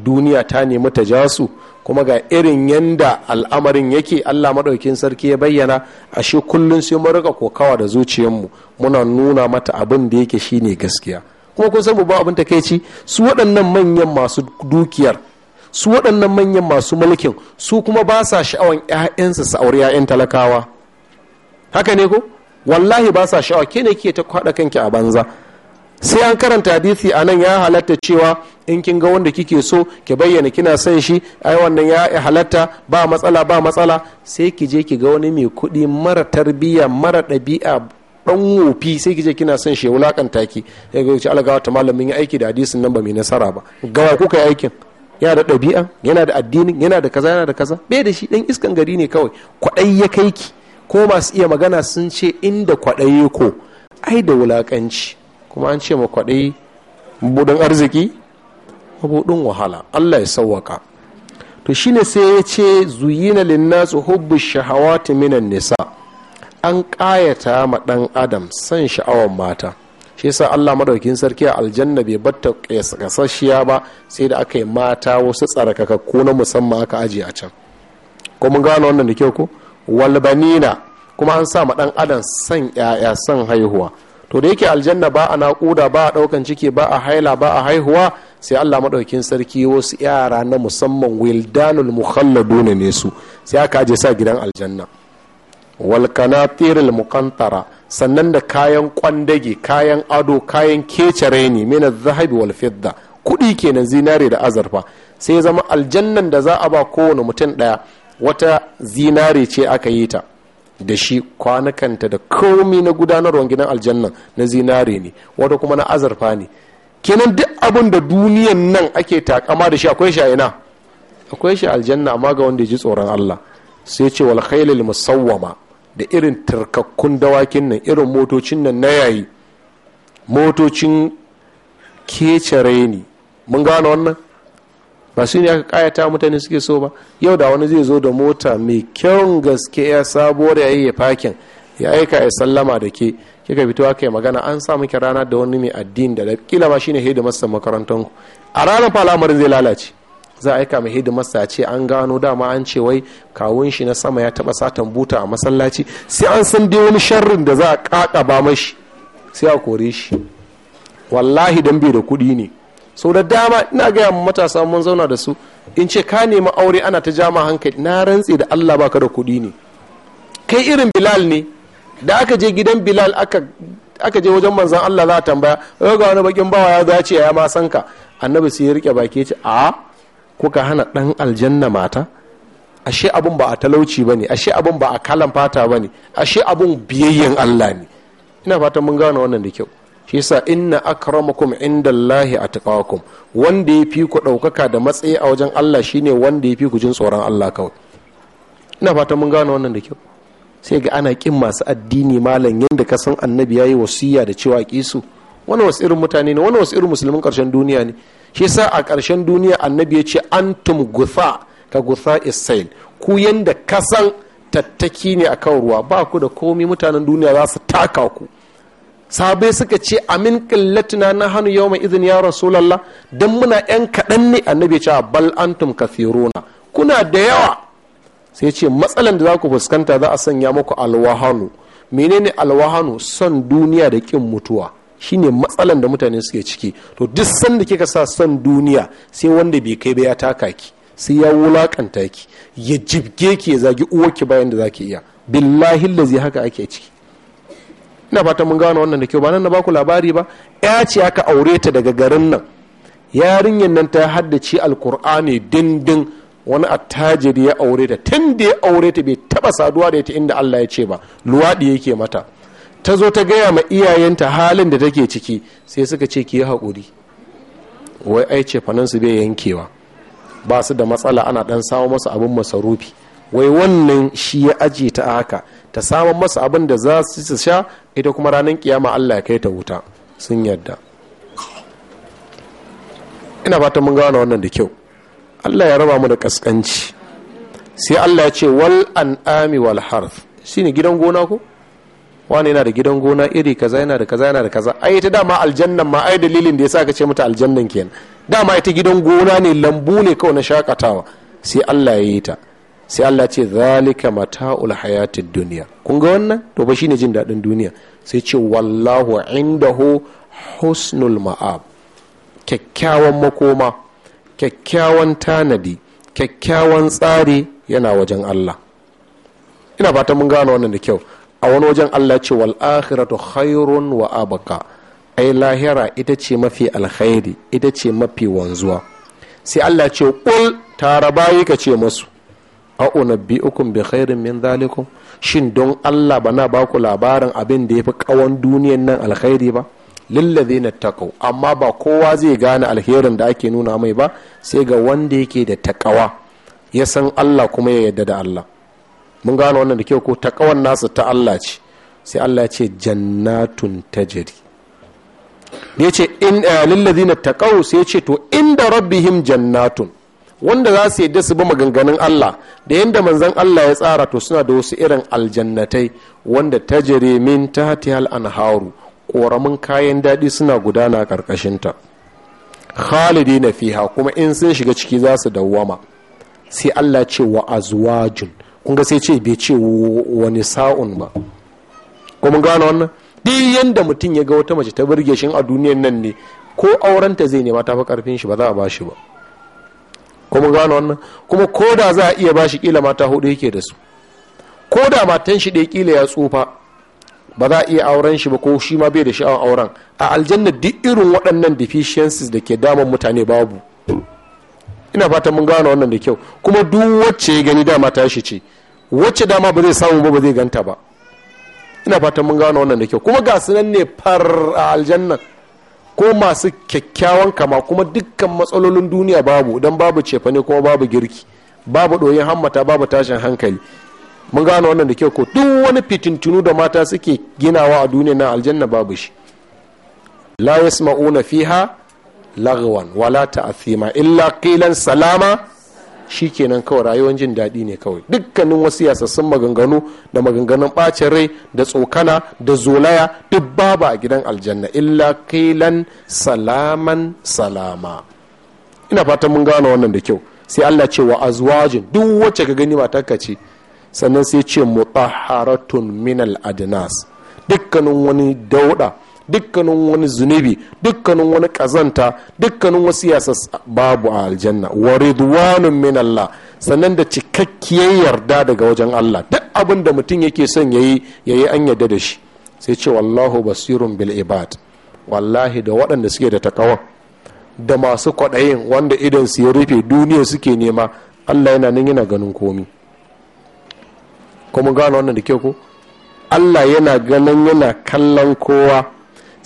duniya ta nemi ta jasu kuma ga irin yanda al'amarin yake allah maɗaukin sarki ya bayyana ashe kullum sai mu rika kokawa da zuciyarmu muna nuna mata abin da yake shine gaskiya kuma kun san mu ba abin ta ci su waɗannan manyan masu dukiyar su waɗannan manyan masu mulkin su kuma ba sa sha'awan 'ya'yansu su aure 'ya'yan talakawa haka ne ko wallahi ba sa sha'awa ke ne ke ta kwaɗa kanki a banza sai an karanta hadisi a nan ya halatta cewa in kin ga wanda kike so ki bayyana kina son shi ai wannan ya halatta ba matsala ba matsala sai ki je ki ga wani mai kuɗi mara tarbiyya mara ɗabi'a dan wofi sai ki je kina son shi ya wulakanta ki ya ga wuce alagawa ta malamin ya aiki da hadisin nan ba mai nasara ba gawa kuka aikin yana da ɗabi'a yana da addini yana da kaza yana da kaza bai da shi dan iskan gari ne kawai kwaɗai ya kai ki ko masu iya magana sun ce inda kwaɗaye ko ai da wulakanci kuma an ce ma kwaɗayi arziki mabuɗin wahala allah ya sauwaka to shine sai ya ce zuyina linnasu hubbu shahawati minan nisa an ƙayata ma ɗan adam san sha'awan mata shi yasa allah madaukin sarki a aljanna bai batta kasashiya ba sai da aka yi mata wasu tsarkakakku na musamman aka ajiye a can ko gano wannan da kyau ko walbanina kuma an sa ma ɗan adam san 'ya'ya san haihuwa to da yake aljanna ba a naƙuda ba a ɗaukan ciki ba a haila ba a haihuwa sai allah maɗaukin sarki wasu yara na musamman wildanul mukhalladuna ne su sai aka aje sa gidan aljanna walkanatiril muqantara sannan da kayan kwandage kayan ado kayan kecare ne mina zahabi wal fidda kuɗi kenan zinare da azurfa sai zama aljannan da za a ba kowane mutum ɗaya wata zinare ce aka yi ta da shi kwanakanta da komi na gudanarwar gidan aljanna na zinare ne wata kuma na azurfa ne kenan duk abin da duniyan nan ake takama da shi akwai shi ina akwai shi aljanna amma ga wanda ya ji tsoron Allah sai ce wal khailil musawwama da irin tarkakkun dawakin nan irin motocin nan na yayi motocin kecere ne mun gane wannan ba su ne aka kayata mutane suke so ba yau da wani zai zo da mota mai kyau gaske ya sabuwar yayi ya fakin ya aika ya sallama da ke kika fito aka yi magana an sa muke rana da wani mai addini da kila ma shine hidimar sa makarantar ku a ranar fa al'amarin zai lalace za a aika mai hidimar a ce an gano dama an ce wai kawun shi na sama ya taba satan buta a masallaci sai an san dai wani sharrin da za a kakaba mashi sai a kore shi wallahi dan bai da kuɗi ne sau da dama ina gaya mu matasa mun zauna da su in ce ka nemi aure ana ta jama hankali na rantse da allah baka da kuɗi ne kai irin bilal ne da aka je gidan bilal aka je wajen manzan Allah za a tambaya eh, ga wani bakin bawa ya dace ya ma san ka annabi sai ya rike baki ce a kuka hana dan aljanna mata ashe abun ba a talauci bane ashe abun ba a kalan fata bane ashe abun biyayyen Allah ne ina fatan mun gano wannan da kyau shi yasa inna akramakum indallahi atqakum wanda ya fi ku ɗaukaka da matsayi a wajen Allah shine wanda ya fi ku jin tsoron Allah kawai ina fatan mun gane wannan da kyau sai ga ana kin masu addini malam yadda ka san annabi yayi wasiya da cewa kisu wani wasu irin mutane ne wani wasu irin musulmin karshen duniya ne shi yasa a karshen duniya annabi ya ce antum gutha ka gutha isail ku yanda san tattaki ne akan ruwa ba ku da komi mutanen duniya za su taka ku sahabai suka ce amin ƙillatina na hannu yau mai izini ya rasulallah don muna yan kaɗan ne annabi ce bal antum kathiruna kuna da yawa sai ce matsalan da za ku fuskanta za a sanya muku alwahanu menene alwahanu son duniya da kin mutuwa shine matsalan da mutane suke ciki to duk sanda kika sa son duniya sai wanda bai kai ba ya taka ki sai ya wulakanta ki ya jibge ki ya zagi uwarki bayan da zaki iya billahi lazi haka ake ciki ina fata mun gano wannan da kyau ba nan na baku labari ba ya ce aka aure ta daga garin nan yarinyar nan ta haddace alkur'ani dindin wani attajiri ya aure ta tun da ya aure ta bai taba saduwa da ita inda Allah ya ce ba luwaɗi yake mata ta zo ta gaya ma iyayenta halin da take ciki sai suka ce ki yi haƙuri wai ai ce fanansu bai yankewa ba su da matsala ana dan samo masa abin masarufi wai wannan shi ya aje ta haka ta samun masa abin da za su sha ita kuma ranar kiyama allah ya kai ta wuta sun yadda ina fatan mun gano wannan da kyau allah ya raba mu da kaskanci sai allah ya ce wal an'ami wal harf ne gidan gona ko wani yana da gidan gona iri kaza yana da kaza yana da kaza ai ta dama aljannan ma ai dalilin da yasa ka ce mata aljannan kenan dama ita gidan gona ne lambu ne kawai na shakatawa sai Allah ya yi ta sai Allah ce zalika mata'ul hayatid duniya kun ga wannan to ba shine jin daɗin duniya sai ce wallahu indahu husnul ma'ab kyakkyawan makoma kyakkyawan tanadi kyakkyawan tsari yana wajen Allah ina fata mun gano wannan da kyau a wani wajen Allah ce wal akhiratu khairun wa abaka ai lahira ita ce mafi alkhairi ita ce mafi wanzuwa sai Allah ce kul tara ka ce masu a ukun bi khairin min zalikum shin don Allah bana ba ku labarin abin da fi kawon duniyan nan alkhairi ba lillazina taqaw amma ba kowa zai gane alherin da ake nuna mai ba sai ga wanda yake da takawa ya san Allah kuma ya yadda da Allah mun gane wannan da kyau ko takawan nasu ta Allah ce sai Allah ce jannatun tajri ya ce in eh, lillazina taqaw sai ce to inda rabbihim jannatun wanda za su yadda su bi maganganun Allah da yadda manzon Allah ya tsara to suna da wasu irin aljannatai wanda ta jere min an anharu ƙoramin kayan daɗi suna gudana ƙarƙashinta khalidi na fiha kuma in sun shiga ciki za su dawwama sai Allah ce wa azwajun kun ga sai ce bai ce wani sa'un ba kuma gano wannan duk yanda mutum ya ga wata mace ta burge shi a duniyar nan ne ko aurenta zai nema ta fi karfin shi ba za a ba shi ba kuma gano wannan kuma ko da za a iya bashi kila mata hudu yake da su ko da matan shi ɗaya kila ya tsufa ba za a iya auren shi ba ko shi ma bai da sha'awar auren a aljanna duk irin waɗannan deficiencies da ke damun mutane babu ina fatan mun gano wannan da kyau kuma duk wacce ya gani dama ta shi ce wacce dama ba zai samu ba ba zai ganta ba ina fatan mun gano wannan da kyau kuma ga sunan ne far a aljannan ko masu kyakkyawan kama kuma dukkan matsalolin duniya babu don babu cefane kuma babu girki babu ɗoyin hammata babu tashin hankali mun gano wannan da kyau ko duk wani fitintunu da mata suke ginawa a duniya na aljanna babu shi la yasma'una fiha lagwan wala ta'athima illa kilan salama shi kenan kawai rayuwar jin daɗi ne kawai dukkanin wasu yasassun maganganu da maganganun ɓacin rai da tsokana da zolaya duk babu a gidan aljanna illa kailan salaman salama ina fatan mun gano wannan da kyau sai allah ce wa azwajin duk wacce ka gani ka ce sannan sai ce mutahharatun minal adnas dukkanin wani dauɗa. dukkanin wani zunubi dukkanin wani kazanta dukkanin wasu yasa babu a aljanna wa ridwanun min Allah sannan da cikakkiyar yarda daga wajen Allah duk abin da mutum yake son yayi yayi an yarda da shi sai ce wallahu basirun bil ibad wallahi da waɗanda suke da takawa da masu kwaɗayin wanda idan su ya rufe duniya suke nema Allah yana nan yana ganin komi kuma gano wannan da ke ku Allah yana ganin yana kallon kowa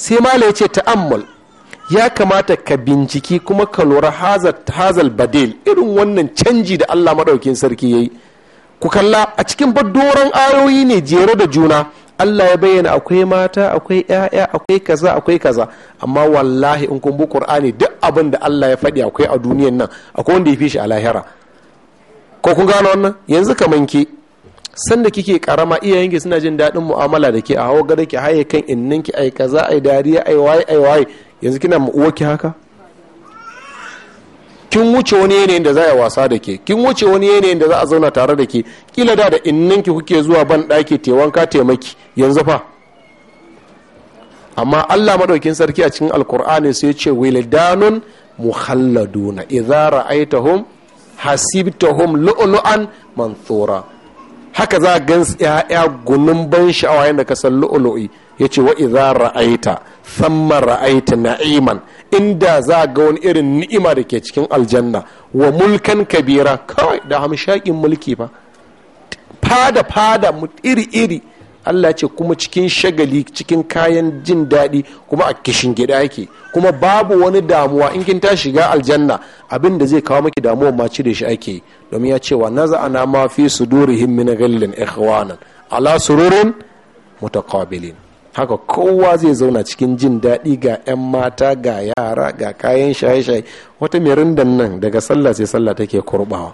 sai mala ya ce ta'ammal ya kamata ka binciki kuma ka lura hazal badil irin wannan canji da allah maɗaukin sarki ya yi ku kalla a cikin badoran ayoyi ne jere da juna allah ya bayyana akwai mata akwai 'ya'ya akwai kaza akwai kaza amma wallahi in kun bi qur'ani duk abin da allah ya faɗi akwai a duniyan nan akwai wanda ya fi shi a lahira ko kun gano wannan yanzu kamar ke sanda kike karama ki suna jin daɗin mu'amala da ke a hawa gare ki haye kan ki ai kaza ai dariya ai waye ai waye yanzu kina ki haka kin wuce wani yanayin da za a wasa da ke kin wuce wani yanayin da za a zauna tare da ke kila da da ki kuke zuwa ban ɗaki tewanka taimaki yanzu fa amma allah madaukin sarki a cikin alkur'ani sai ce wildanun muhalladuna idza ra'aitahum hasibtahum lu'lu'an manthura haka za gan ya'ya gunun ban sha'awa yadda ka san lu'ulu'i ya ce wa iza ra'aita samma ra'aita na'iman inda za ga wani irin ni'ima da ke cikin aljanna wa mulkan kabira kawai da hamshakin mulki fa fada fada iri iri Allah ce kuma cikin shagali cikin kayan jin daɗi kuma a kishin gida yake kuma babu wani damuwa in kin ta shiga aljanna abin da zai kawo maki damuwa ma cire shi ake domin ya cewa naza ana ma fi sudurihim min ghallin ikhwanan ala sururin mutaqabilin haka kowa zai zauna cikin jin daɗi ga 'yan mata ga yara ga kayan shaye-shaye wata rindan nan daga sallah sai sallah take kurbawa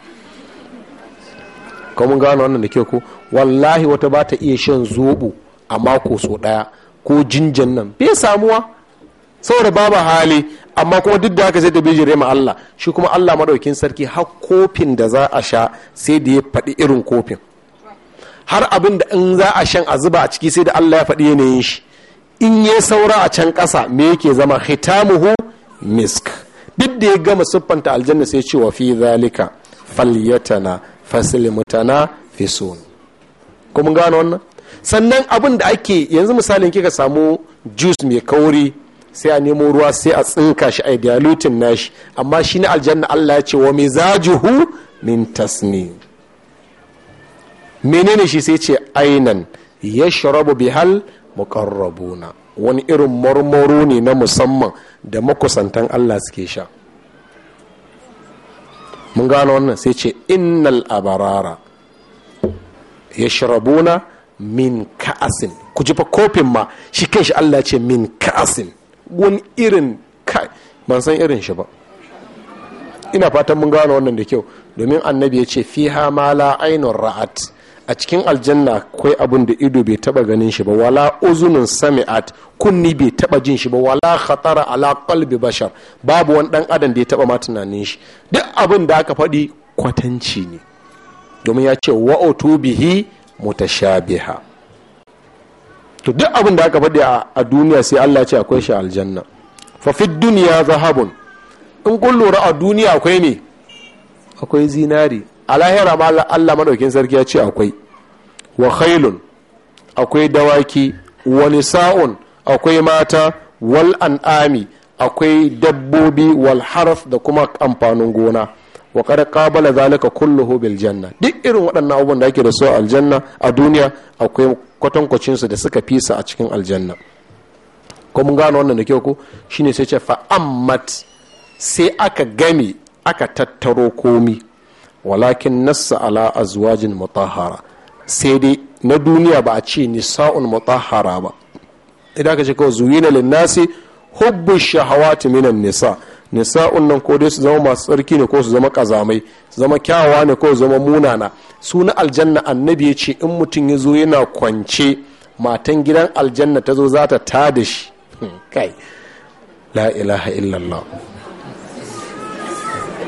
ko mun gano wannan da ke ko wallahi wata ba ta iya shan zobo a mako so daya ko jinjan nan bai samuwa saboda babu hali amma kuma duk da haka sai da bijire ma Allah shi kuma Allah madaukin sarki har kofin da za a sha sai da ya faɗi irin kofin har abin da in za a shan a zuba a ciki sai da Allah ya faɗi yanayin shi in ya saura a can ƙasa me yake zama hitamuhu misk duk da ya gama siffanta aljanna sai ce wa fi zalika falyatana fasilimutana mutana so kuma gano wannan sannan abin da ake yanzu misalin kika samu jus mai kauri sai a nemo ruwa sai a tsinka shi a dilutin nashi amma shi na aljanna Allah ya ce wa mai mizajuhu min tasni menene shi sai ce ainan ya sharabu bihal na wani irin marmaro ne na musamman da makusantan Allah suke sha mun gano wannan sai ce innal abarara ya sharabuna min ka'asin ku jifa kofin ma shi kai shi Allah ce min ka'asin wani irin ka ban san irin shi ba ina fatan mun gano wannan da kyau domin annabi ya ce fiha ma la ainun ra'at a cikin aljanna akwai abin da ido bai taba ganin shi ba wala uzunin sami'at kunni bai taba jin shi ba wala khatara ala qalbi bashar babu wani dan adam da ya taba ma tunanin shi duk abin da aka faɗi kwatanci ne domin ya ce wa'utu bihi mutashabiha to duk abin da aka faɗi a duniya sai Allah ce akwai shi aljanna fa fi duniya zahabun in kun lura a duniya akwai ne akwai zinari a lahira ma Allah madaukin sarki ya ce akwai wa khailun akwai dawaki wa nisa'un akwai mata wal an'ami akwai dabbobi wal harf da kuma amfanin gona wa kada kabala zalika kulluhu bil janna duk irin waɗannan abubuwan da ake da su a aljanna a duniya akwai kwatankwacin su da suka fisa a cikin aljanna ko mun gano wannan da kyau ko shine sai ce fa ammat sai aka game aka tattaro komi walakin nassa ala azwajin mutahara sai dai na duniya ba a ce nisa'un mutahara ba idan ka ce kawai zuyina linnasi hubbu shahawati minan nisa nisa'un nan ko dai su zama masu tsarki ne ko su zama kazamai su zama kyawawa ne ko su zama munana su na aljanna annabi ya ce in mutum ya zo yana kwance matan gidan aljanna ta zo za ta ta da shi hmm, kai la ilaha illallah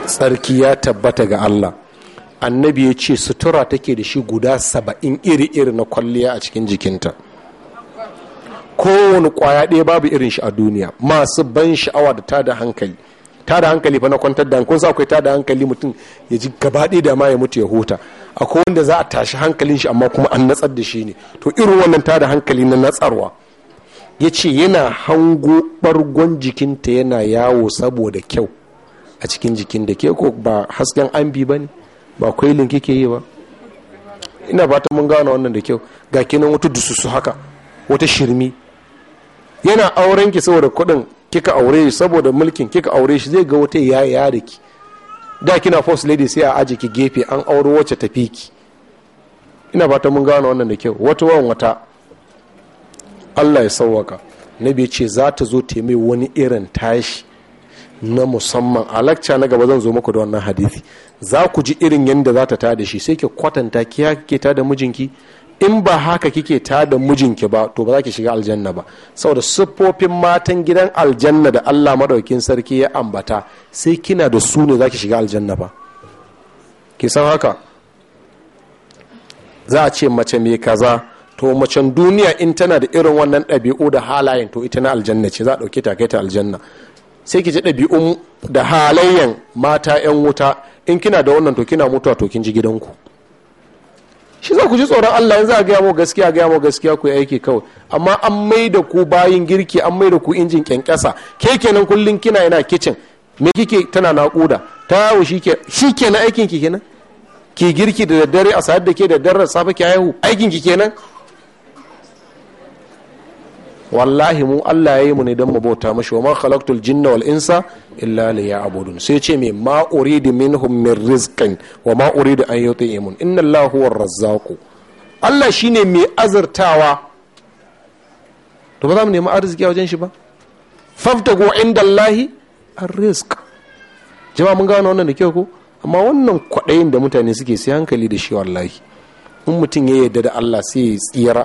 tsarki ya tabbata ga allah annabi ya ce sutura take da shi guda saba'in iri-iri na kwalliya a cikin jikinta kowane kwaya ɗaya babu irin shi a duniya masu ban sha'awa da tada hankali tada hankali fa na kwantar da hankali akwai tada hankali mutum ya ji gabaɗe da ma ya mutu ya huta akwai wanda za a tashi hankalin shi amma kuma an natsar da shi ne to irin wannan tada hankali na natsarwa ya ce yana hango ɓargon jikinta yana yawo saboda kyau a cikin jikin da ke ko ba hasken an bi ba ne ba kwai kwailin kike yi ba ina fata mun gane wannan da kyau ga kinan wata dususu haka wata shirmi yana auren ki saboda kuɗin kika aure shi saboda mulkin kika aure shi zai ga wata ya ya da ki da kina first lady sai a aje ki gefe an auro wacce tafi ki ina ta mun gane wannan da kyau wata wan wata Allah ya sauwaka nabi ce za ta zo ta mai wani irin tashi na musamman a lacca na gaba zan zo muku da wannan hadisi za ku ji irin yadda za ta ta da shi sai ki kwatanta ki haka kike ta da mijinki in ba haka kike ta da mijinki ba to ba za ki shiga aljanna ba saboda siffofin matan gidan aljanna da Allah madaukin sarki ya ambata sai kina da su ne za ki shiga aljanna ba ki san haka za a ce mace mai kaza to macen duniya in tana da irin wannan ɗabi'u da halayen to ita na aljanna ce za a ɗauke ta kai ta aljanna sai ki ji ɗabi'un da halayyan mata 'yan wuta in kina da wannan to kina mutuwa to kin ji gidanku shi za ku ji tsoron Allah yanzu a gaya mu gaskiya gaya mu gaskiya ku yi aiki kawai amma an mai da ku bayin girki an mai da ku injin kyankyasa ke kenan kullum kina yana kicin me kike tana naƙuda ta yawo shi kenan aikin ki kenan ki girki da daddare a sayar da ke da daddare safe ki haihu aikin ki kenan wallahi mu Allah ya yi mu ne don mu bauta mashi wa ma khalaqtul jinna wal insa illa liya'budun sai ce me ma uridu minhum min rizqin wa ma uridu an yut'imun inna Allah huwar razzaq Allah shine mai azurtawa to ba za mu nemi arziki a wajen shi ba faftago inda Allah ar-rizq jama'a mun gano wannan da kyau ko amma wannan kwaɗayin da mutane suke sai hankali da shi wallahi in mutum ya yarda da Allah sai ya tsira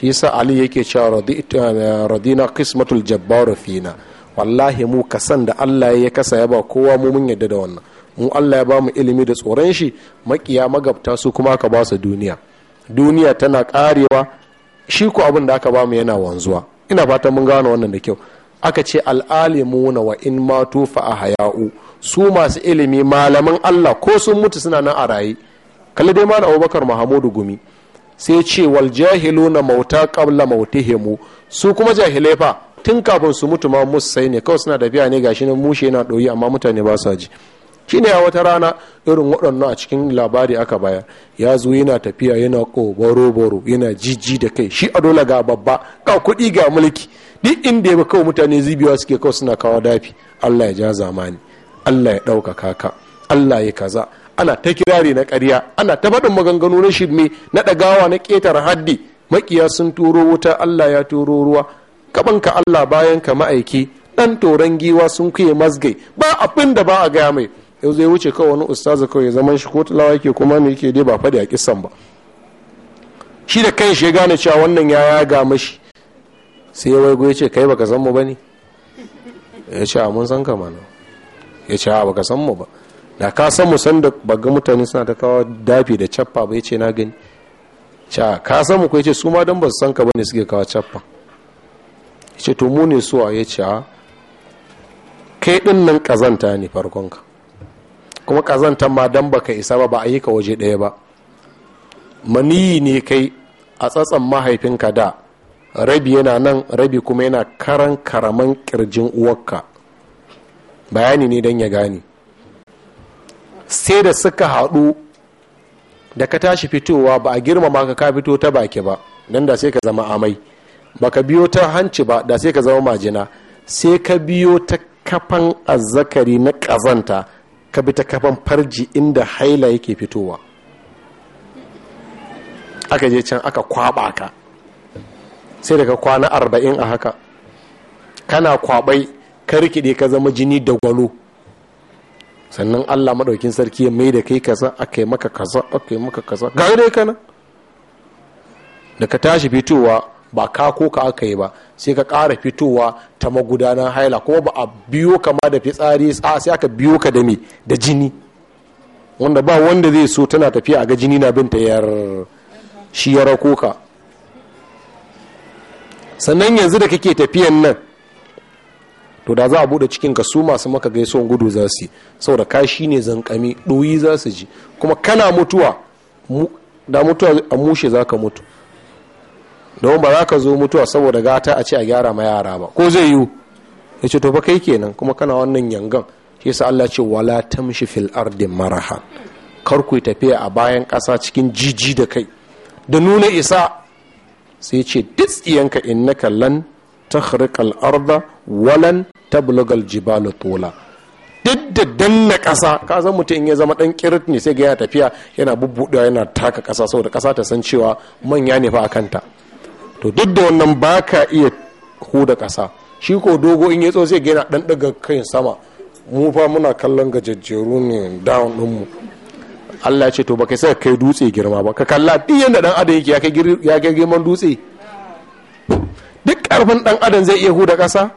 shi yasa ali yake cewa eh, radina qismatul jabbar fina wallahi mu kasan da Allah ya kasa ya ba kowa mu mun yadda da wannan mu Allah ya ba mu ilimi da tsoron shi makiya magabta su kuma aka ba su duniya duniya tana karewa shi ko abin da aka ba mu yana wanzuwa ina fatan mun gano wannan da kyau aka ce al'alimuna wa in matu a haya'u su masu ilimi malaman Allah ko sun mutu suna nan a raye kalli dai malam Abubakar Mahamudu Gumi sai ce wal jahiluna mauta qabla mautihimu su kuma jahilai fa tun kafin su mutu ma sai ne kawai suna tafiya ne gashi nan mushe yana doyi amma mutane ba sa ji shine a wata rana irin waɗannan a cikin labari aka bayar ya zo yana tafiya yana ƙoboro boro yana jiji da kai shi a dole ga babba ga kuɗi ga mulki duk inda ya kawai mutane zibiyawa suke kawai suna kawo dafi allah ya ja zamani allah ya ɗaukaka ka allah ya kaza ana ta kirari na ƙarya ana ta faɗin maganganu na shirme na ɗagawa na ƙetare haddi makiya sun turo wuta allah ya turo ruwa ka allah bayan ka ma'aiki ɗan toron giwa sun kuye mazgai ba abin da ba a gaya mai yau zai wuce kawai wani ustaza kawai zaman shi ko talawa yake kuma ne yake dai ba faɗi a kisan ba shi da kan shi ya gane cewa wannan ya yaga mashi sai ya waigo ya ce kai baka san mu ba ne ya ce a mun san ka mana ya ce a baka san mu ba da ka san mu san da baga mutane suna ta kawo dafi da cappa ba yace na gani ca ka san mu ko yace su ma dan ba su san ka ne suke kawo cappa yace to mu ne so a yace kai din nan kazanta ne farkon ka kuma kazantan ma dan baka isa ba ba a yi ka waje daya ba maniyi ne kai a tsatsan mahaifinka da rabi yana nan rabi kuma yana karan karaman kirjin uwarka bayani ne dan ya gane sai da suka haɗu da ka tashi fitowa ba a girmama ka ka fito ta baki ba don da sai ka zama amai ka biyo ta hanci ba da sai ka zama majina sai ka biyo ta kafan azzakari na ƙazanta ka bi ta kafan farji inda haila yake fitowa aka je can aka kwaɓa ka sai daga kwana arba'in a haka kana kwaɓai ka rikide ka zama jini da gwalo sannan allah maɗaukin sarki ya mai da kai kaza aka yi maka kaza aka yi maka kaza ga dai kana da ka tashi fitowa ba ka ko ka aka yi ba sai ka ƙara fitowa ta magudanar haila kuma ba a biyo ka ma da fitsari a sai aka biyo ka da me da jini wanda ba wanda zai so tana tafiya a ga jini na binta yar shi ya rako ka sannan yanzu da kake tafiyan nan to da za a bude cikin ka su masu maka gaisuwan gudu za su yi saboda kashi ne zankami ɗoyi za su ji kuma kana mutuwa da mutuwa a mushe za ka mutu don ba za ka zo mutuwa saboda gata a ce a gyara ma yara ba ko zai yiwu ya ce to ba kai kenan kuma kana wannan yangan shi yasa Allah ce wala tamshi fil ardi maraha kar ku tafiya a bayan ƙasa cikin jiji da kai da nuna isa sai ce ditsiyanka innaka lan takhriqa arda walan ta bulogal jibalu tola duk da danna kasa ka san mutum ya zama dan kirit ne sai ga ya tafiya yana bubbuɗewa yana taka kasa saboda kasa ta san cewa manya ne fa a kanta to duk da wannan baka iya huda kasa shi ko dogo in ya tso sai ga yana ɗan ɗaga kai sama mu fa muna kallon gajejjeru ne down mu. Allah ya ce to baka sai kai dutse girma ba ka kalla duk yanda dan adam yake ya kai girman dutse duk karfin dan adam zai iya huda kasa.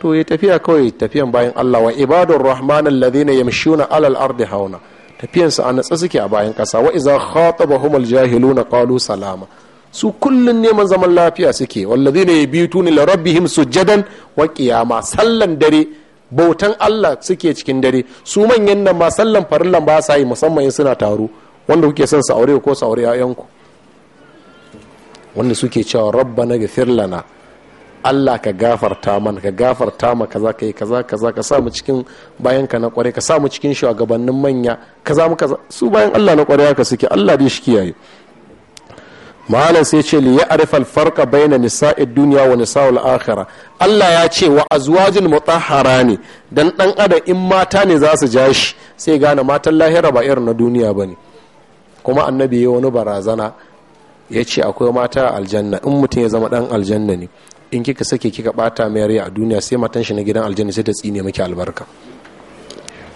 to ya tafiya kawai tafiyan bayan Allah wa ibadur rahman alladhina yamshuna alal ardi hauna tafiyan a natsa suke a bayan kasa wa idza jahilu na qalu salama su kullun neman zaman lafiya suke walladhina yabituna li rabbihim sujadan wa qiyama sallan dare bautan Allah suke cikin dare su manyan nan ma sallan farillan ba sa yi musamman in suna taro wanda kuke son su aure ko su aure 'ya'yanku wanda suke cewa rabbana gafir lana Allah ka gafarta man ka gafarta ma kaza kai kaza kaza ka sa mu cikin bayan ka na kware ka sa mu cikin shugabannin manya kaza mu kaza su bayan Allah na kware haka suke Allah dai shi kiyaye malam sai ce li ya'rif al farqa bayna nisa'i dunya wa nisa'il akhirah Allah ya ce wa azwajul mutahharani dan dan ada in mata ne za su ja shi sai gane matan lahira ba irin na duniya bane kuma annabi ya wani barazana ya ce akwai mata aljanna in mutum ya zama dan aljanna ne in kika sake kika bata mai rai a duniya sai matan shi na gidan aljanna sai ta tsine miki albarka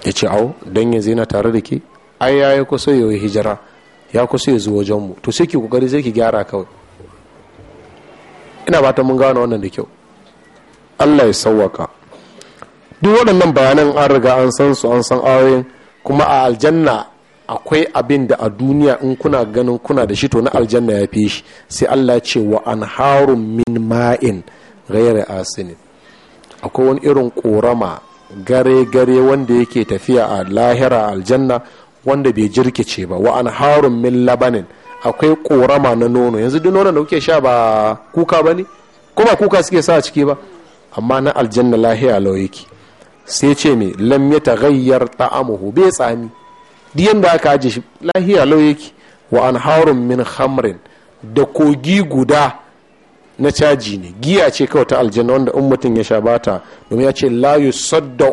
ya ce au don yanzu yana tare da ke ai ya yi kusa ya hijira ya kusa ya zo wajen to sai ki kokari sai ki gyara kawai ina bata mun gane wannan da kyau Allah ya sauwaka duk waɗannan bayanan an riga an san su an san ayoyin kuma a aljanna akwai abin da a duniya in kuna ganin kuna da shi to na aljanna ya fi shi sai Allah ce wa harun min ma'in ghairi asinin akwai wani irin korama gare gare wanda yake tafiya a lahira aljanna wanda bai jirkice ba wa harun min labanin akwai korama na nono yanzu duk nono da kuke sha ba kuka ba ne ko kuka suke sa ciki ba amma na aljanna lahiya lau yake sai ce me lam ya ta'amuhu bai tsami diyan da aka aje shi lahiya lau yake wa an haurin min hamrin da kogi guda na caji ne giya ce kawai ta aljanna wanda in mutum ya sha bata domin ya ce layu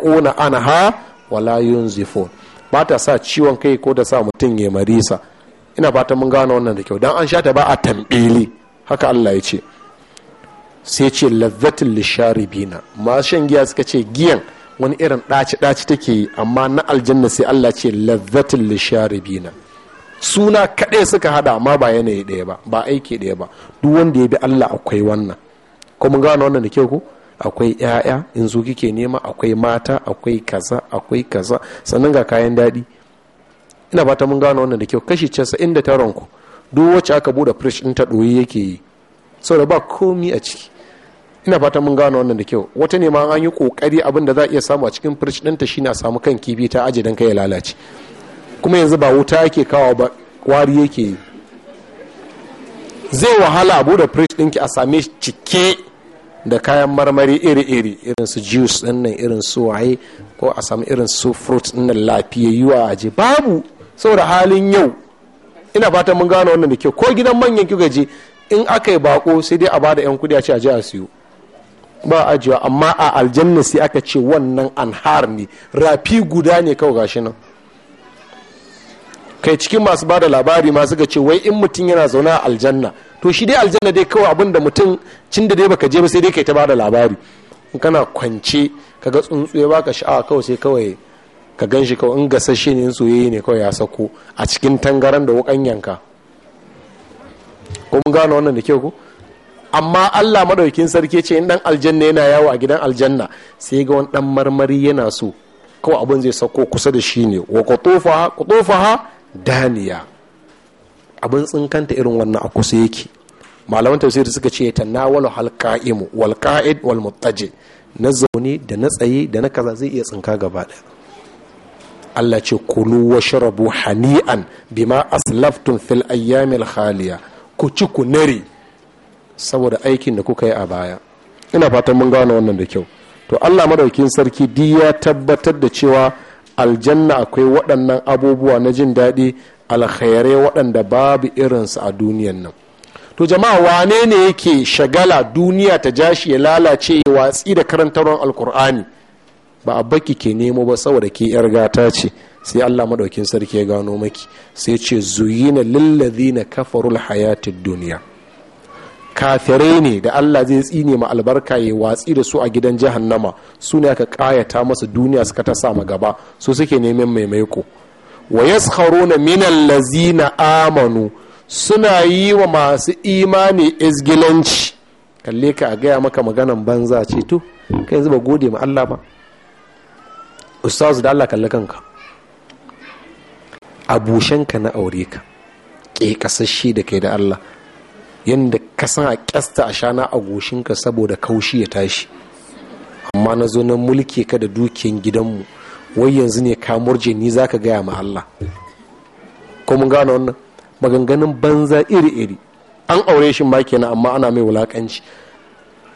ona an anha wa layun zifo ba ta sa ciwon kai ko da sa mutum ya marisa ina fata mun gane wannan da kyau dan an sha ta ba a tambeli haka Allah ya ce sai ce lazzatin lisharibina ma shan giya suka ce giyan wani irin ɗaci-ɗaci take yi amma na aljanna sai allah ce lazzatin lisharibina suna kaɗai suka hada amma ba yanayi ɗaya ba ba aiki ɗaya ba duk wanda ya bi allah akwai wannan ko mun gano wannan da kyau ku, akwai 'ya'ya in zo kike nema akwai mata akwai kaza akwai kaza sannan ga kayan daɗi ina fata mun gano wannan da kyau kashi casa'in da taron ku duk wacce aka buɗe fresh ɗin ta ɗoyi yake yi saboda ba komi a ciki ina fatan mun gano wannan da kyau wata ne ma an yi kokari abin da za a iya samu a cikin firij ɗinta shi na samu kan kifi ta aji don kai ya lalace kuma yanzu ba wuta yake kawo ba wari yake yi zai wahala abu da firij ɗinki a same cike da kayan marmari iri-iri irin su juice ɗin nan irin su waye ko a samu irin su fruit ɗin nan lafiyayyu a aje babu saboda halin yau ina fatan mun gano wannan da kyau ko gidan manyan kika je in aka yi bako sai dai a bada yan kudi a ce a je a siyo ba ajiyewa amma a aljanna sai aka ce wannan anhar ne rafi guda ne kawai gashi nan kai cikin masu ba da labari masu ga ce wai in mutum yana zaune a aljanna to shi dai aljanna dai kawai abin da mutum cin da dai baka je ba sai dai kai ta ba da labari in kana kwance ka ga tsuntsu ya baka sha'awa kawai sai kawai ka gan shi kawai in gasashe ne in soyayye ne kawai ya sako a cikin tangaran da wukan yanka kun gane wannan da kyau ko amma allah madaukin sarki ce in dan aljanna yana yawo a gidan aljanna sai ga wani dan marmari yana so kawai abin zai sako kusa da shi ne wa ha daniya abin tsinkanta irin wannan a kusa yake malaman tafsir suka ce ta nawalu halqa'imu wal qa'id wal muttaji na zaune da na tsaye da na kaza zai iya tsinka gaba Allah ce kulu wa sharabu hani'an bima aslaftum fil ayyamil khaliya ku ci ku nare saboda aikin da kuka yi a baya ina fatan mun gane wannan da kyau to allah madaukin sarki di ya tabbatar da cewa aljanna akwai waɗannan abubuwa na jin daɗi alkhairai waɗanda babu irinsu a duniyan nan to jama'a wane ne yake shagala duniya ta jashi ya lalace ya watsi da karantarwar alkur'ani ba a baki ke nemo ba saboda ke yar gata ce sai allah maɗaukin sarki ya gano maki sai ce zuyina lillazina kafarul hayatid duniya kafirai ne da Allah zai tsine ma albarka ya watsi da su a gidan jahannama su ne aka kayata masa duniya suka ta sama gaba su suke neman maimaiko wa yaskharuna min allazina amanu suna yi wa masu imani izgilanci kalle ka a gaya maka maganan banza ce to ka yanzu ba gode ma Allah ba ustazu da Allah kalle kanka abushanka na aure ka ƙe kasashe da kai da Allah yadda ka san a kyasta a shana a goshinka saboda kaushi ya tashi amma na zo na mulki ka da dukiyan gidanmu wai yanzu ne ka murje ni ka gaya ma Allah ko mun gano wannan maganganun banza iri-iri an aure shi ma kenan amma ana mai wulakanci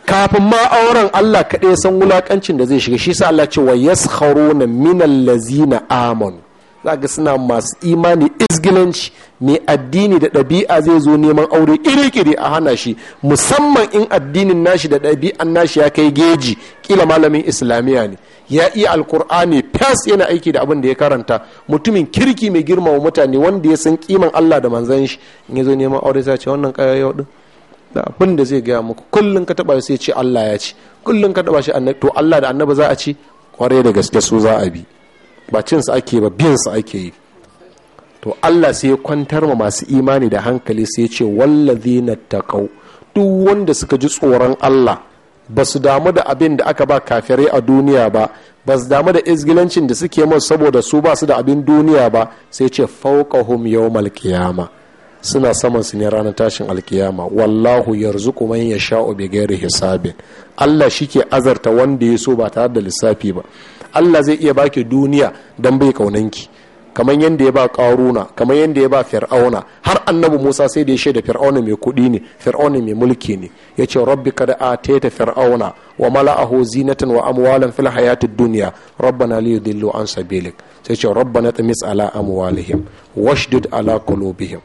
kafin ma auren Allah kaɗai san wulakancin da zai shiga shi sa Allah ce wa yaskharuna lazi na amanu za suna masu imani izgilanci mai addini da ɗabi'a zai zo neman aure iri ƙiri a hana shi musamman in addinin nashi da ɗabi'an nashi ya kai geji kila malamin islamiyya ne ya iya alkur'ani fes yana aiki da abin da ya karanta mutumin kirki mai girmama mutane wanda ya san kiman allah da manzan shi in ya zo neman aure sai ce wannan ƙayayyau din da abin da zai gaya muku kullum ka taba sai ce allah ya ci kullum ka taba shi to allah da annaba za a ci kware da gaske su za a bi ba cinsa ake ba su ake yi to allah sai ya kwantar ma masu imani da hankali sai ya ce wallazi na takau duk wanda suka ji tsoron allah ba su damu da abin da aka ba kafirai a duniya ba ba su damu da izgilancin da suke masu saboda su ba su da abin duniya ba sai ce fauqahum yawmal qiyama suna saman su ne ranar tashin alkiyama wallahu yarzuqu man yasha'u bighairi hisabin Allah shike azarta wanda ya so ba tare da lissafi ba Allah zai iya baki duniya don bai kaunanki kamar yadda ya ba karuna kamar yadda ya ba fir'auna har annabi musa sai da ya shaida fir'auna mai kuɗi ne fir'auna mai mulki ne ya ce rabbi kada a ateta fir'auna wa mala'ahu zinatan wa amwalan fil hayati duniya rabbana li yudillu an sabilik sai ce rabbana tamis ala amwalihim washdud ala qulubihim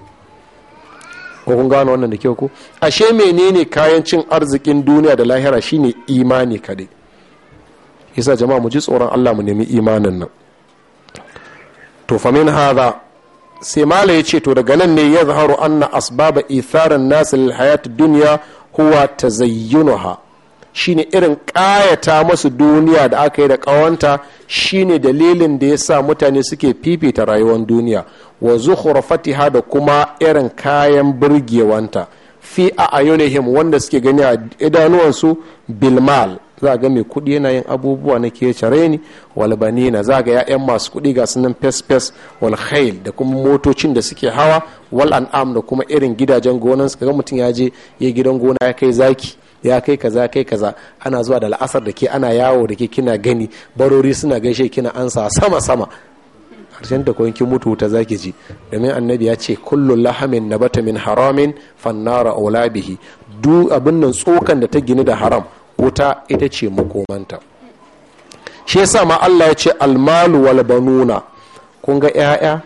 ko kun gano wannan da kyau ko ashe menene kayan cin arzikin duniya da lahira shine imani kadai yasa jama'a mu ji tsoron Allah mu nemi imanin nan to fa min hadha sai mala yace to daga nan ne ya zaharu anna asbaba itharin nasu lil hayati duniya huwa tazayyunuha shine irin kayata masu duniya da aka yi da kawanta shine dalilin da yasa mutane suke fifita rayuwar duniya wa zukhrafatiha da kuma irin kayan burgewanta fi a ayunihim wanda suke gani a idanuwansu bilmal za ga mai kuɗi yana yin abubuwa na ke kecare ni wal banina za ga ya'yan masu kuɗi ga sunan fes fes wal khail da kuma motocin da suke hawa wal an'am da kuma irin gidajen gonan su ga mutum ya je ya gidan gona ya kai zaki ya kai kaza kai kaza ana zuwa da la'asar da ke ana yawo da ke kina gani barori suna gaishe kina ansa sama sama harshen da kwanki mutu ta zaki ji domin annabi ya ce kullun lahamin nabata min haramin fannara aula bihi duk abin nan tsokan da ta gini da haram wuta ita ce makomanta shi yasa ma Allah ya ce almalu wal banuna kun ga 'ya'ya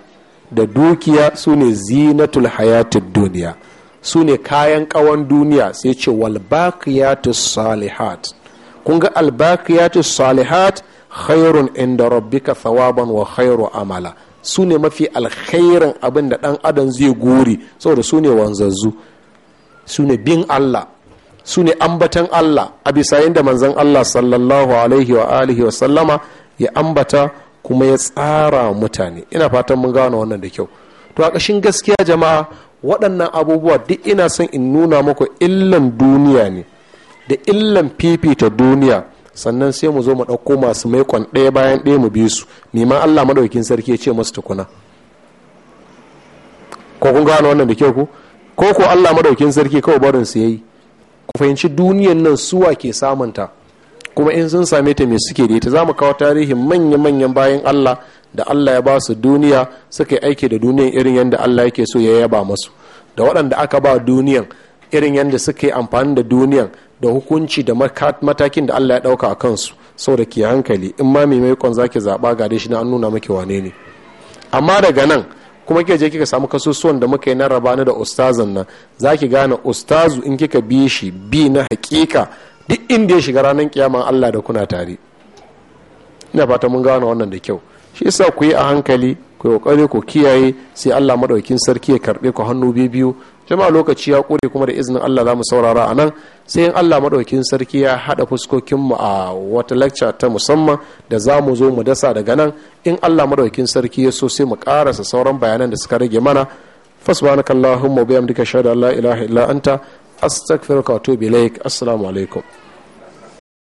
da dukiya su ne zinatul hayatid duniya su ne kayan kawan duniya sai ce wal baqiyatus salihat kun ga al baqiyatus salihat khairun inda rabbika thawaban wa khairu amala su ne mafi alkhairin abin da dan adam zai gori saboda su ne wanzazzu su ne bin Allah su ne ambatan Allah a bisa yadda manzon Allah sallallahu alaihi wa alihi wa sallama ya ambata kuma ya tsara mutane ina fatan mun gano wannan da kyau to a ƙashin gaskiya jama'a waɗannan abubuwa duk ina son in nuna muku illan duniya ne da illan fifita duniya sannan sai mu zo mu ɗauko masu maikon ɗaya bayan ɗaya mu bi su neman allah maɗaukin sarki ya ce masu tukuna ko kun gano wannan da kyau ko ko allah maɗaukin sarki kawai barin su yayi ku fahimci duniyan nan suwa ke samunta kuma in sun same ta mai suke da ita za mu kawo tarihin manya-manyan bayan allah da allah ya ba su duniya suka yi aiki da duniyan irin yadda allah yake so ya yaba masu da waɗanda aka ba duniyan irin yadda suka yi amfani da duniyan da hukunci da matakin da allah ya ɗauka a kansu sau da ke hankali in ma maimakon zaki zaɓa ga shi na an nuna maki wane ne amma daga nan kuma ke je kika samu kasusuwan da muka yi na rabani da ustazan nan za ki gane ustazu in kika bi shi bi na hakika duk inda ya shiga ranar kiyama allah da kuna tare ina fata mun gane wannan da kyau shi yasa ku yi a hankali ku yi kokari ku kiyaye sai allah maɗaukin sarki ya karɓe ku hannu biyu jama'a lokaci ya kure kuma da izinin Allah za mu saurara a nan sai in Allah maɗaukin sarki ya haɗa fuskokinmu a wata lacca ta musamman da za mu zo mu dasa daga nan in Allah maɗaukin sarki ya so sai mu karasa sauran bayanan da suka rage mana fasbanaka Allahumma biyam dika shahada la ilaha illa anta astaghfiruka wa atubu ilaik assalamu alaikum